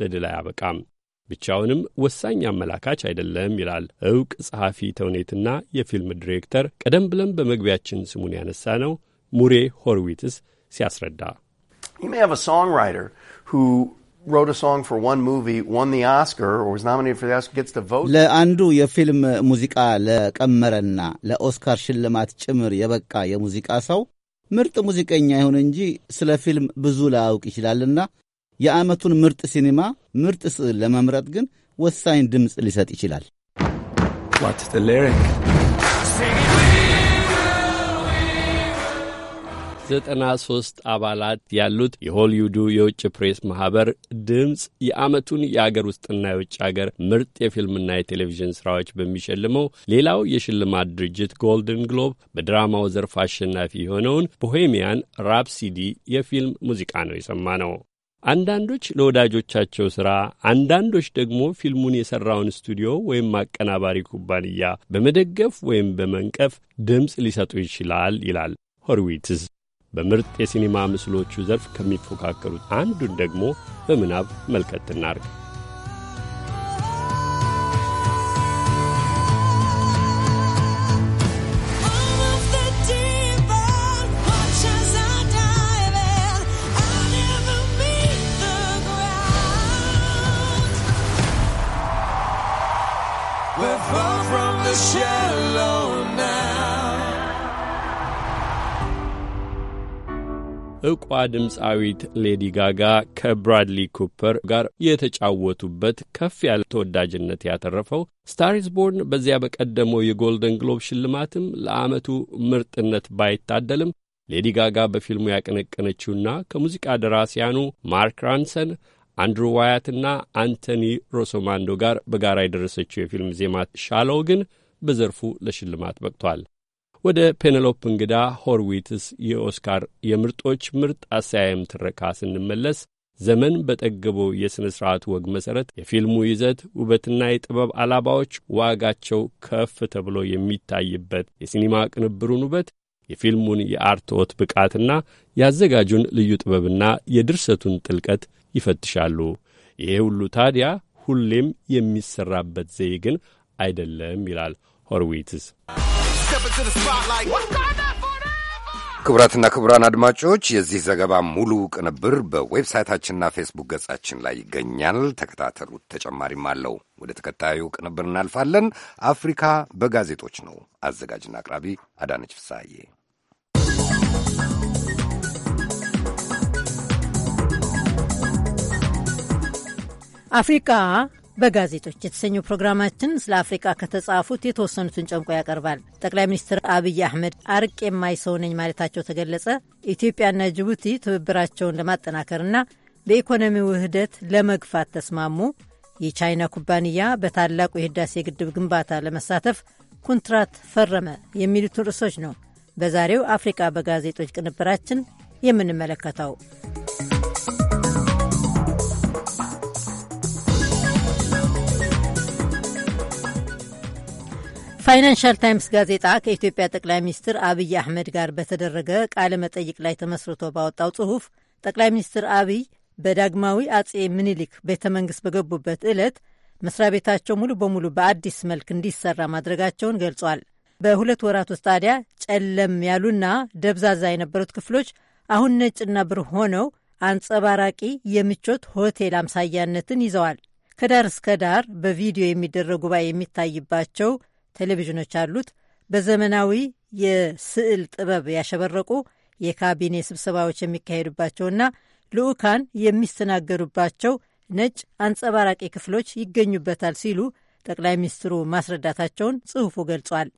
ለድል አያበቃም፣ ብቻውንም ወሳኝ አመላካች አይደለም ይላል ዕውቅ ጸሐፊ ተውኔትና የፊልም ዲሬክተር ቀደም ብለን በመግቢያችን ስሙን ያነሳ ነው ሙሬ ሆርዊትስ ሲያስረዳ ለአንዱ የፊልም ሙዚቃ ለቀመረና ለኦስካር ሽልማት ጭምር የበቃ የሙዚቃ ሰው ምርጥ ሙዚቀኛ ይሁን እንጂ ስለ ፊልም ብዙ ላያውቅ ይችላልና የዓመቱን ምርጥ ሲኒማ፣ ምርጥ ስዕል ለመምረጥ ግን ወሳኝ ድምፅ ሊሰጥ ይችላል። ዘጠና ሶስት አባላት ያሉት የሆሊውዱ የውጭ ፕሬስ ማኅበር ድምፅ የዓመቱን የአገር ውስጥና የውጭ አገር ምርጥ የፊልምና የቴሌቪዥን ሥራዎች በሚሸልመው ሌላው የሽልማት ድርጅት ጎልደን ግሎብ በድራማው ዘርፍ አሸናፊ የሆነውን ቦሄሚያን ራፕሲዲ የፊልም ሙዚቃ ነው የሰማ ነው። አንዳንዶች ለወዳጆቻቸው ሥራ፣ አንዳንዶች ደግሞ ፊልሙን የሠራውን ስቱዲዮ ወይም አቀናባሪ ኩባንያ በመደገፍ ወይም በመንቀፍ ድምፅ ሊሰጡ ይችላል ይላል ሆርዊትዝ። በምርጥ የሲኒማ ምስሎቹ ዘርፍ ከሚፎካከሩት አንዱን ደግሞ በምናብ መልከት እናርግ። እቋ ድምፃዊት ሌዲ ጋጋ ከብራድሊ ኩፐር ጋር የተጫወቱበት ከፍ ያለ ተወዳጅነት ያተረፈው ስታሪስቦርን በዚያ በቀደመው የጎልደን ግሎብ ሽልማትም ለዓመቱ ምርጥነት ባይታደልም ሌዲ ጋጋ በፊልሙ ያቀነቀነችውና ከሙዚቃ ደራሲያኑ ማርክ ራንሰን፣ አንድሩ ዋያትና አንቶኒ ሮሶማንዶ ጋር በጋራ የደረሰችው የፊልም ዜማ ሻለው ግን በዘርፉ ለሽልማት በቅቷል። ወደ ፔኔሎፕ እንግዳ ሆርዊትስ የኦስካር የምርጦች ምርጥ አሰያየም ትረካ ስንመለስ ዘመን በጠገበው የሥነ ሥርዓቱ ወግ መሠረት የፊልሙ ይዘት ውበትና የጥበብ አላባዎች ዋጋቸው ከፍ ተብሎ የሚታይበት የሲኒማ ቅንብሩን ውበት የፊልሙን የአርትዖት ብቃትና ያዘጋጁን ልዩ ጥበብና የድርሰቱን ጥልቀት ይፈትሻሉ። ይሄ ሁሉ ታዲያ ሁሌም የሚሠራበት ዘይ ግን አይደለም ይላል ሆርዊትስ። ክቡራትና ክቡራን አድማጮች የዚህ ዘገባ ሙሉ ቅንብር በዌብሳይታችንና ፌስቡክ ገጻችን ላይ ይገኛል። ተከታተሉት። ተጨማሪም አለው። ወደ ተከታዩ ቅንብር እናልፋለን። አፍሪካ በጋዜጦች ነው። አዘጋጅና አቅራቢ አዳነች ፍሳዬ አፍሪካ በጋዜጦች የተሰኘው ፕሮግራማችን ስለ አፍሪቃ ከተጻፉት የተወሰኑትን ጨምቆ ያቀርባል። ጠቅላይ ሚኒስትር አብይ አህመድ አርቅ የማይ ሰው ነኝ ማለታቸው ተገለጸ፣ ኢትዮጵያና ጅቡቲ ትብብራቸውን ለማጠናከርና በኢኮኖሚ ውህደት ለመግፋት ተስማሙ፣ የቻይና ኩባንያ በታላቁ የህዳሴ ግድብ ግንባታ ለመሳተፍ ኮንትራት ፈረመ፣ የሚሉትን ርዕሶች ነው በዛሬው አፍሪቃ በጋዜጦች ቅንብራችን የምንመለከተው። የፋይናንሻል ታይምስ ጋዜጣ ከኢትዮጵያ ጠቅላይ ሚኒስትር አብይ አህመድ ጋር በተደረገ ቃለ መጠይቅ ላይ ተመስርቶ ባወጣው ጽሑፍ ጠቅላይ ሚኒስትር አብይ በዳግማዊ አጼ ምኒልክ ቤተ መንግስት በገቡበት ዕለት መስሪያ ቤታቸው ሙሉ በሙሉ በአዲስ መልክ እንዲሰራ ማድረጋቸውን ገልጿል። በሁለት ወራት ውስጥ ታዲያ ጨለም ያሉና ደብዛዛ የነበሩት ክፍሎች አሁን ነጭና ብር ሆነው አንጸባራቂ የምቾት ሆቴል አምሳያነትን ይዘዋል። ከዳር እስከ ዳር በቪዲዮ የሚደረግ ጉባኤ የሚታይባቸው ቴሌቪዥኖች አሉት። በዘመናዊ የስዕል ጥበብ ያሸበረቁ የካቢኔ ስብሰባዎች የሚካሄዱባቸውና ልዑካን የሚስተናገዱባቸው ነጭ አንጸባራቂ ክፍሎች ይገኙበታል ሲሉ ጠቅላይ ሚኒስትሩ ማስረዳታቸውን ጽሑፉ ገልጿል።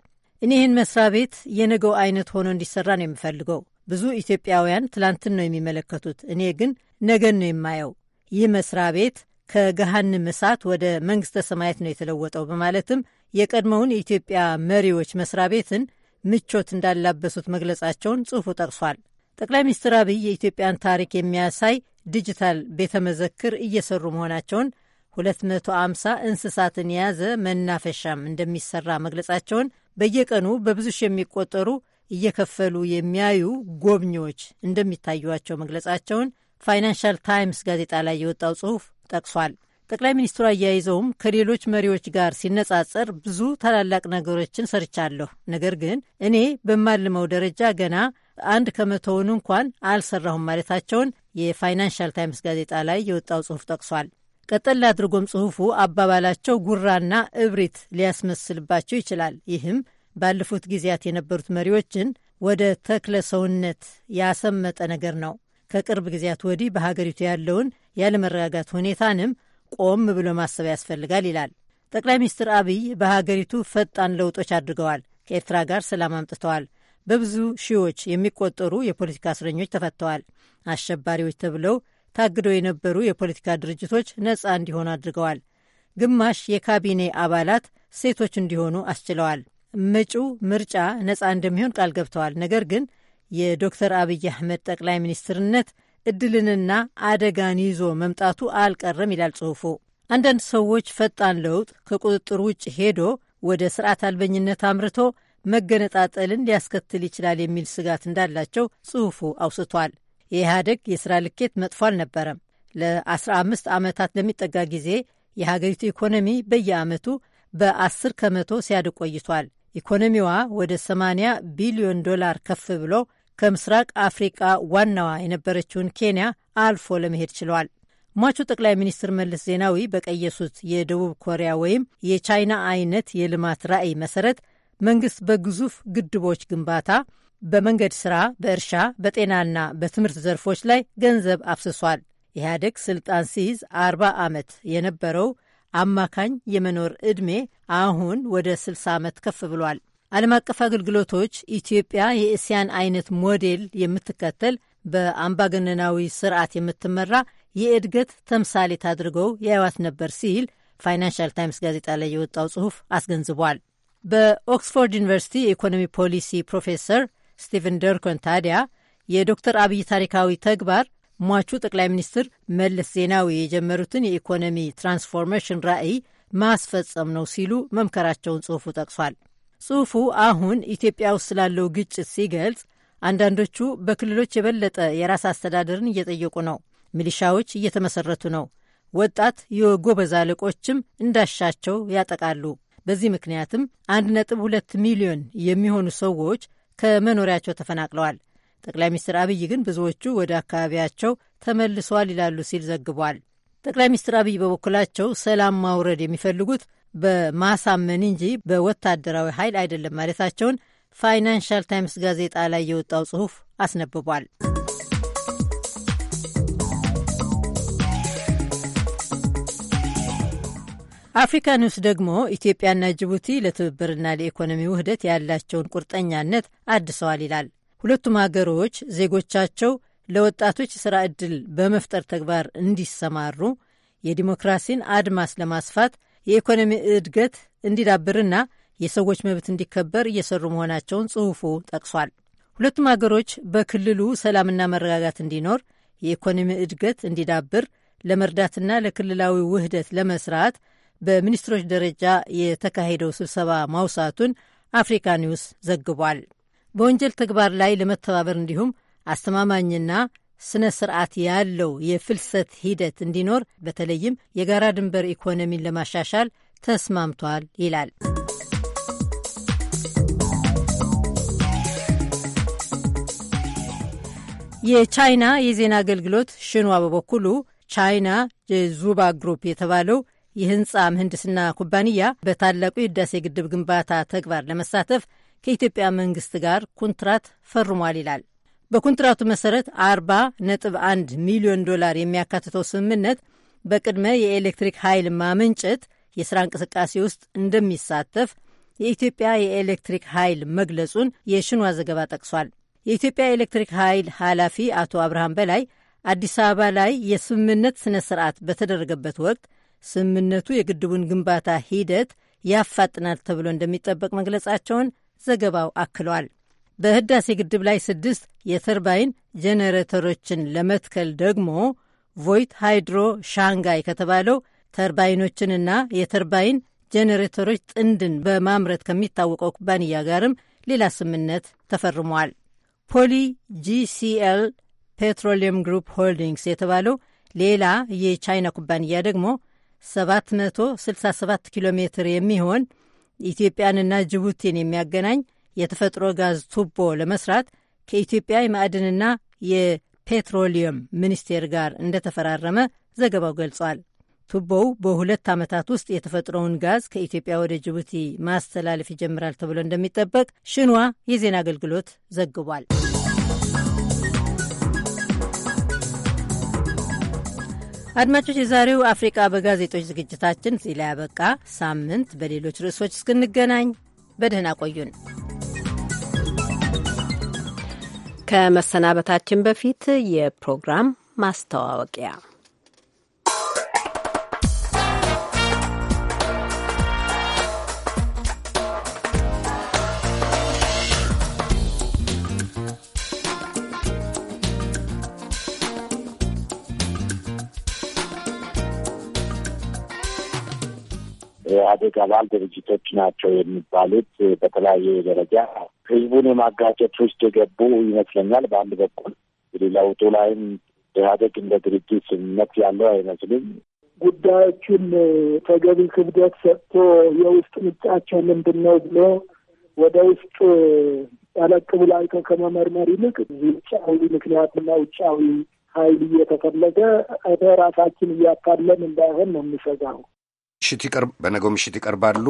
እኒህን መስሪያ ቤት የነገው አይነት ሆኖ እንዲሰራ ነው የምፈልገው። ብዙ ኢትዮጵያውያን ትላንትን ነው የሚመለከቱት፣ እኔ ግን ነገን ነው የማየው። ይህ መስሪያ ቤት ከገሃንም እሳት ወደ መንግሥተ ሰማያት ነው የተለወጠው በማለትም የቀድሞውን የኢትዮጵያ መሪዎች መስሪያ ቤትን ምቾት እንዳላበሱት መግለጻቸውን ጽሑፉ ጠቅሷል። ጠቅላይ ሚኒስትር አብይ የኢትዮጵያን ታሪክ የሚያሳይ ዲጂታል ቤተ መዘክር እየሰሩ መሆናቸውን 250 እንስሳትን የያዘ መናፈሻም እንደሚሰራ መግለጻቸውን በየቀኑ በብዙ ሺህ የሚቆጠሩ እየከፈሉ የሚያዩ ጎብኚዎች እንደሚታዩቸው መግለጻቸውን ፋይናንሻል ታይምስ ጋዜጣ ላይ የወጣው ጽሑፍ ጠቅሷል። ጠቅላይ ሚኒስትሩ አያይዘውም ከሌሎች መሪዎች ጋር ሲነጻጸር ብዙ ታላላቅ ነገሮችን ሰርቻለሁ፣ ነገር ግን እኔ በማልመው ደረጃ ገና አንድ ከመቶውን እንኳን አልሰራሁም ማለታቸውን የፋይናንሻል ታይምስ ጋዜጣ ላይ የወጣው ጽሑፍ ጠቅሷል። ቀጠል አድርጎም ጽሑፉ አባባላቸው ጉራና እብሪት ሊያስመስልባቸው ይችላል። ይህም ባለፉት ጊዜያት የነበሩት መሪዎችን ወደ ተክለ ሰውነት ያሰመጠ ነገር ነው። ከቅርብ ጊዜያት ወዲህ በሀገሪቱ ያለውን ያለመረጋጋት ሁኔታንም ቆም ብሎ ማሰብ ያስፈልጋል ይላል። ጠቅላይ ሚኒስትር አብይ በሀገሪቱ ፈጣን ለውጦች አድርገዋል። ከኤርትራ ጋር ሰላም አምጥተዋል። በብዙ ሺዎች የሚቆጠሩ የፖለቲካ እስረኞች ተፈተዋል። አሸባሪዎች ተብለው ታግደው የነበሩ የፖለቲካ ድርጅቶች ነጻ እንዲሆኑ አድርገዋል። ግማሽ የካቢኔ አባላት ሴቶች እንዲሆኑ አስችለዋል። መጪው ምርጫ ነጻ እንደሚሆን ቃል ገብተዋል። ነገር ግን የዶክተር አብይ አህመድ ጠቅላይ ሚኒስትርነት እድልንና አደጋን ይዞ መምጣቱ አልቀረም ይላል ጽሑፉ። አንዳንድ ሰዎች ፈጣን ለውጥ ከቁጥጥር ውጭ ሄዶ ወደ ስርዓት አልበኝነት አምርቶ መገነጣጠልን ሊያስከትል ይችላል የሚል ስጋት እንዳላቸው ጽሑፉ አውስቷል። የኢህአደግ የሥራ ልኬት መጥፎ አልነበረም። ለ15 ዓመታት ለሚጠጋ ጊዜ የሀገሪቱ ኢኮኖሚ በየዓመቱ በ10 ከመቶ ሲያድግ ቆይቷል። ኢኮኖሚዋ ወደ 80 ቢሊዮን ዶላር ከፍ ብሎ ከምስራቅ አፍሪቃ ዋናዋ የነበረችውን ኬንያ አልፎ ለመሄድ ችለዋል። ሟቹ ጠቅላይ ሚኒስትር መለስ ዜናዊ በቀየሱት የደቡብ ኮሪያ ወይም የቻይና አይነት የልማት ራዕይ መሰረት መንግስት በግዙፍ ግድቦች ግንባታ፣ በመንገድ ስራ፣ በእርሻ፣ በጤናና በትምህርት ዘርፎች ላይ ገንዘብ አፍስሷል። ኢህአዴግ ስልጣን ሲይዝ አርባ ዓመት የነበረው አማካኝ የመኖር ዕድሜ አሁን ወደ 60 ዓመት ከፍ ብሏል። ዓለም አቀፍ አገልግሎቶች ኢትዮጵያ የእስያን አይነት ሞዴል የምትከተል በአምባገነናዊ ስርዓት የምትመራ የእድገት ተምሳሌት አድርገው ያዩዋት ነበር ሲል ፋይናንሻል ታይምስ ጋዜጣ ላይ የወጣው ጽሑፍ አስገንዝቧል። በኦክስፎርድ ዩኒቨርሲቲ የኢኮኖሚ ፖሊሲ ፕሮፌሰር ስቲቨን ደርኮን ታዲያ የዶክተር አብይ ታሪካዊ ተግባር ሟቹ ጠቅላይ ሚኒስትር መለስ ዜናዊ የጀመሩትን የኢኮኖሚ ትራንስፎርሜሽን ራዕይ ማስፈጸም ነው ሲሉ መምከራቸውን ጽሑፉ ጠቅሷል። ጽሑፉ አሁን ኢትዮጵያ ውስጥ ስላለው ግጭት ሲገልጽ አንዳንዶቹ በክልሎች የበለጠ የራስ አስተዳደርን እየጠየቁ ነው፣ ሚሊሻዎች እየተመሰረቱ ነው፣ ወጣት የጎበዝ አለቆችም እንዳሻቸው ያጠቃሉ። በዚህ ምክንያትም 1.2 ሚሊዮን የሚሆኑ ሰዎች ከመኖሪያቸው ተፈናቅለዋል። ጠቅላይ ሚኒስትር አብይ ግን ብዙዎቹ ወደ አካባቢያቸው ተመልሰዋል ይላሉ ሲል ዘግቧል። ጠቅላይ ሚኒስትር አብይ በበኩላቸው ሰላም ማውረድ የሚፈልጉት በማሳመን እንጂ በወታደራዊ ኃይል አይደለም ማለታቸውን ፋይናንሻል ታይምስ ጋዜጣ ላይ የወጣው ጽሑፍ አስነብቧል። አፍሪካ ኒውስ ደግሞ ኢትዮጵያና ጅቡቲ ለትብብርና ለኢኮኖሚ ውህደት ያላቸውን ቁርጠኛነት አድሰዋል ይላል። ሁለቱም አገሮች ዜጎቻቸው ለወጣቶች ስራ ዕድል በመፍጠር ተግባር እንዲሰማሩ፣ የዲሞክራሲን አድማስ ለማስፋት የኢኮኖሚ እድገት እንዲዳብርና የሰዎች መብት እንዲከበር እየሰሩ መሆናቸውን ጽሑፉ ጠቅሷል። ሁለቱም አገሮች በክልሉ ሰላምና መረጋጋት እንዲኖር የኢኮኖሚ እድገት እንዲዳብር ለመርዳትና ለክልላዊ ውህደት ለመስራት በሚኒስትሮች ደረጃ የተካሄደው ስብሰባ ማውሳቱን አፍሪካ ኒውስ ዘግቧል። በወንጀል ተግባር ላይ ለመተባበር እንዲሁም አስተማማኝና ስነ ስርዓት ያለው የፍልሰት ሂደት እንዲኖር በተለይም የጋራ ድንበር ኢኮኖሚን ለማሻሻል ተስማምቷል ይላል። የቻይና የዜና አገልግሎት ሽንዋ በበኩሉ ቻይና የዙባ ግሩፕ የተባለው የህንፃ ምህንድስና ኩባንያ በታላቁ የህዳሴ ግድብ ግንባታ ተግባር ለመሳተፍ ከኢትዮጵያ መንግስት ጋር ኮንትራት ፈርሟል ይላል። በኮንትራቱ መሰረት 40 ነጥብ 1 ሚሊዮን ዶላር የሚያካትተው ስምምነት በቅድመ የኤሌክትሪክ ኃይል ማመንጨት የሥራ እንቅስቃሴ ውስጥ እንደሚሳተፍ የኢትዮጵያ የኤሌክትሪክ ኃይል መግለጹን የሽኗ ዘገባ ጠቅሷል። የኢትዮጵያ የኤሌክትሪክ ኃይል ኃላፊ አቶ አብርሃም በላይ አዲስ አበባ ላይ የስምምነት ሥነ ሥርዓት በተደረገበት ወቅት ስምምነቱ የግድቡን ግንባታ ሂደት ያፋጥናል ተብሎ እንደሚጠበቅ መግለጻቸውን ዘገባው አክሏል። በህዳሴ ግድብ ላይ ስድስት የተርባይን ጄኔሬተሮችን ለመትከል ደግሞ ቮይት ሃይድሮ ሻንጋይ ከተባለው ተርባይኖችንና የተርባይን ጄኔሬተሮች ጥንድን በማምረት ከሚታወቀው ኩባንያ ጋርም ሌላ ስምምነት ተፈርሟል። ፖሊ ጂሲኤል ፔትሮሊየም ግሩፕ ሆልዲንግስ የተባለው ሌላ የቻይና ኩባንያ ደግሞ 767 ኪሎ ሜትር የሚሆን ኢትዮጵያንና ጅቡቲን የሚያገናኝ የተፈጥሮ ጋዝ ቱቦ ለመስራት ከኢትዮጵያ የማዕድንና የፔትሮሊየም ሚኒስቴር ጋር እንደተፈራረመ ዘገባው ገልጿል። ቱቦው በሁለት ዓመታት ውስጥ የተፈጥሮውን ጋዝ ከኢትዮጵያ ወደ ጅቡቲ ማስተላለፍ ይጀምራል ተብሎ እንደሚጠበቅ ሽንዋ የዜና አገልግሎት ዘግቧል። አድማጮች፣ የዛሬው አፍሪቃ በጋዜጦች ዝግጅታችን እዚህ ላይ ያበቃ። ሳምንት በሌሎች ርዕሶች እስክንገናኝ በደህና ቆዩን። ከመሰናበታችን በፊት የፕሮግራም ማስተዋወቂያ አደጋ አባል ድርጅቶች ናቸው የሚባሉት በተለያየ ደረጃ ህዝቡን የማጋጨት ውስጥ የገቡ ይመስለኛል። በአንድ በኩል እንግዲህ ለውጡ ላይም ኢህአዴግ እንደ ድርጅት ስምምነት ያለው አይመስልም። ጉዳዮቹን ተገቢ ክብደት ሰጥቶ የውስጥ ምጫቸው ምንድን ነው ብሎ ወደ ውስጥ ጠለቅ ብሎ አይቶ ከመመርመር ይልቅ ውጫዊ ምክንያትና ውጫዊ ኃይል እየተፈለገ ራሳችን እያታለን እንዳይሆን ነው የሚሰጋው። ምሽት ይቀርባሉ።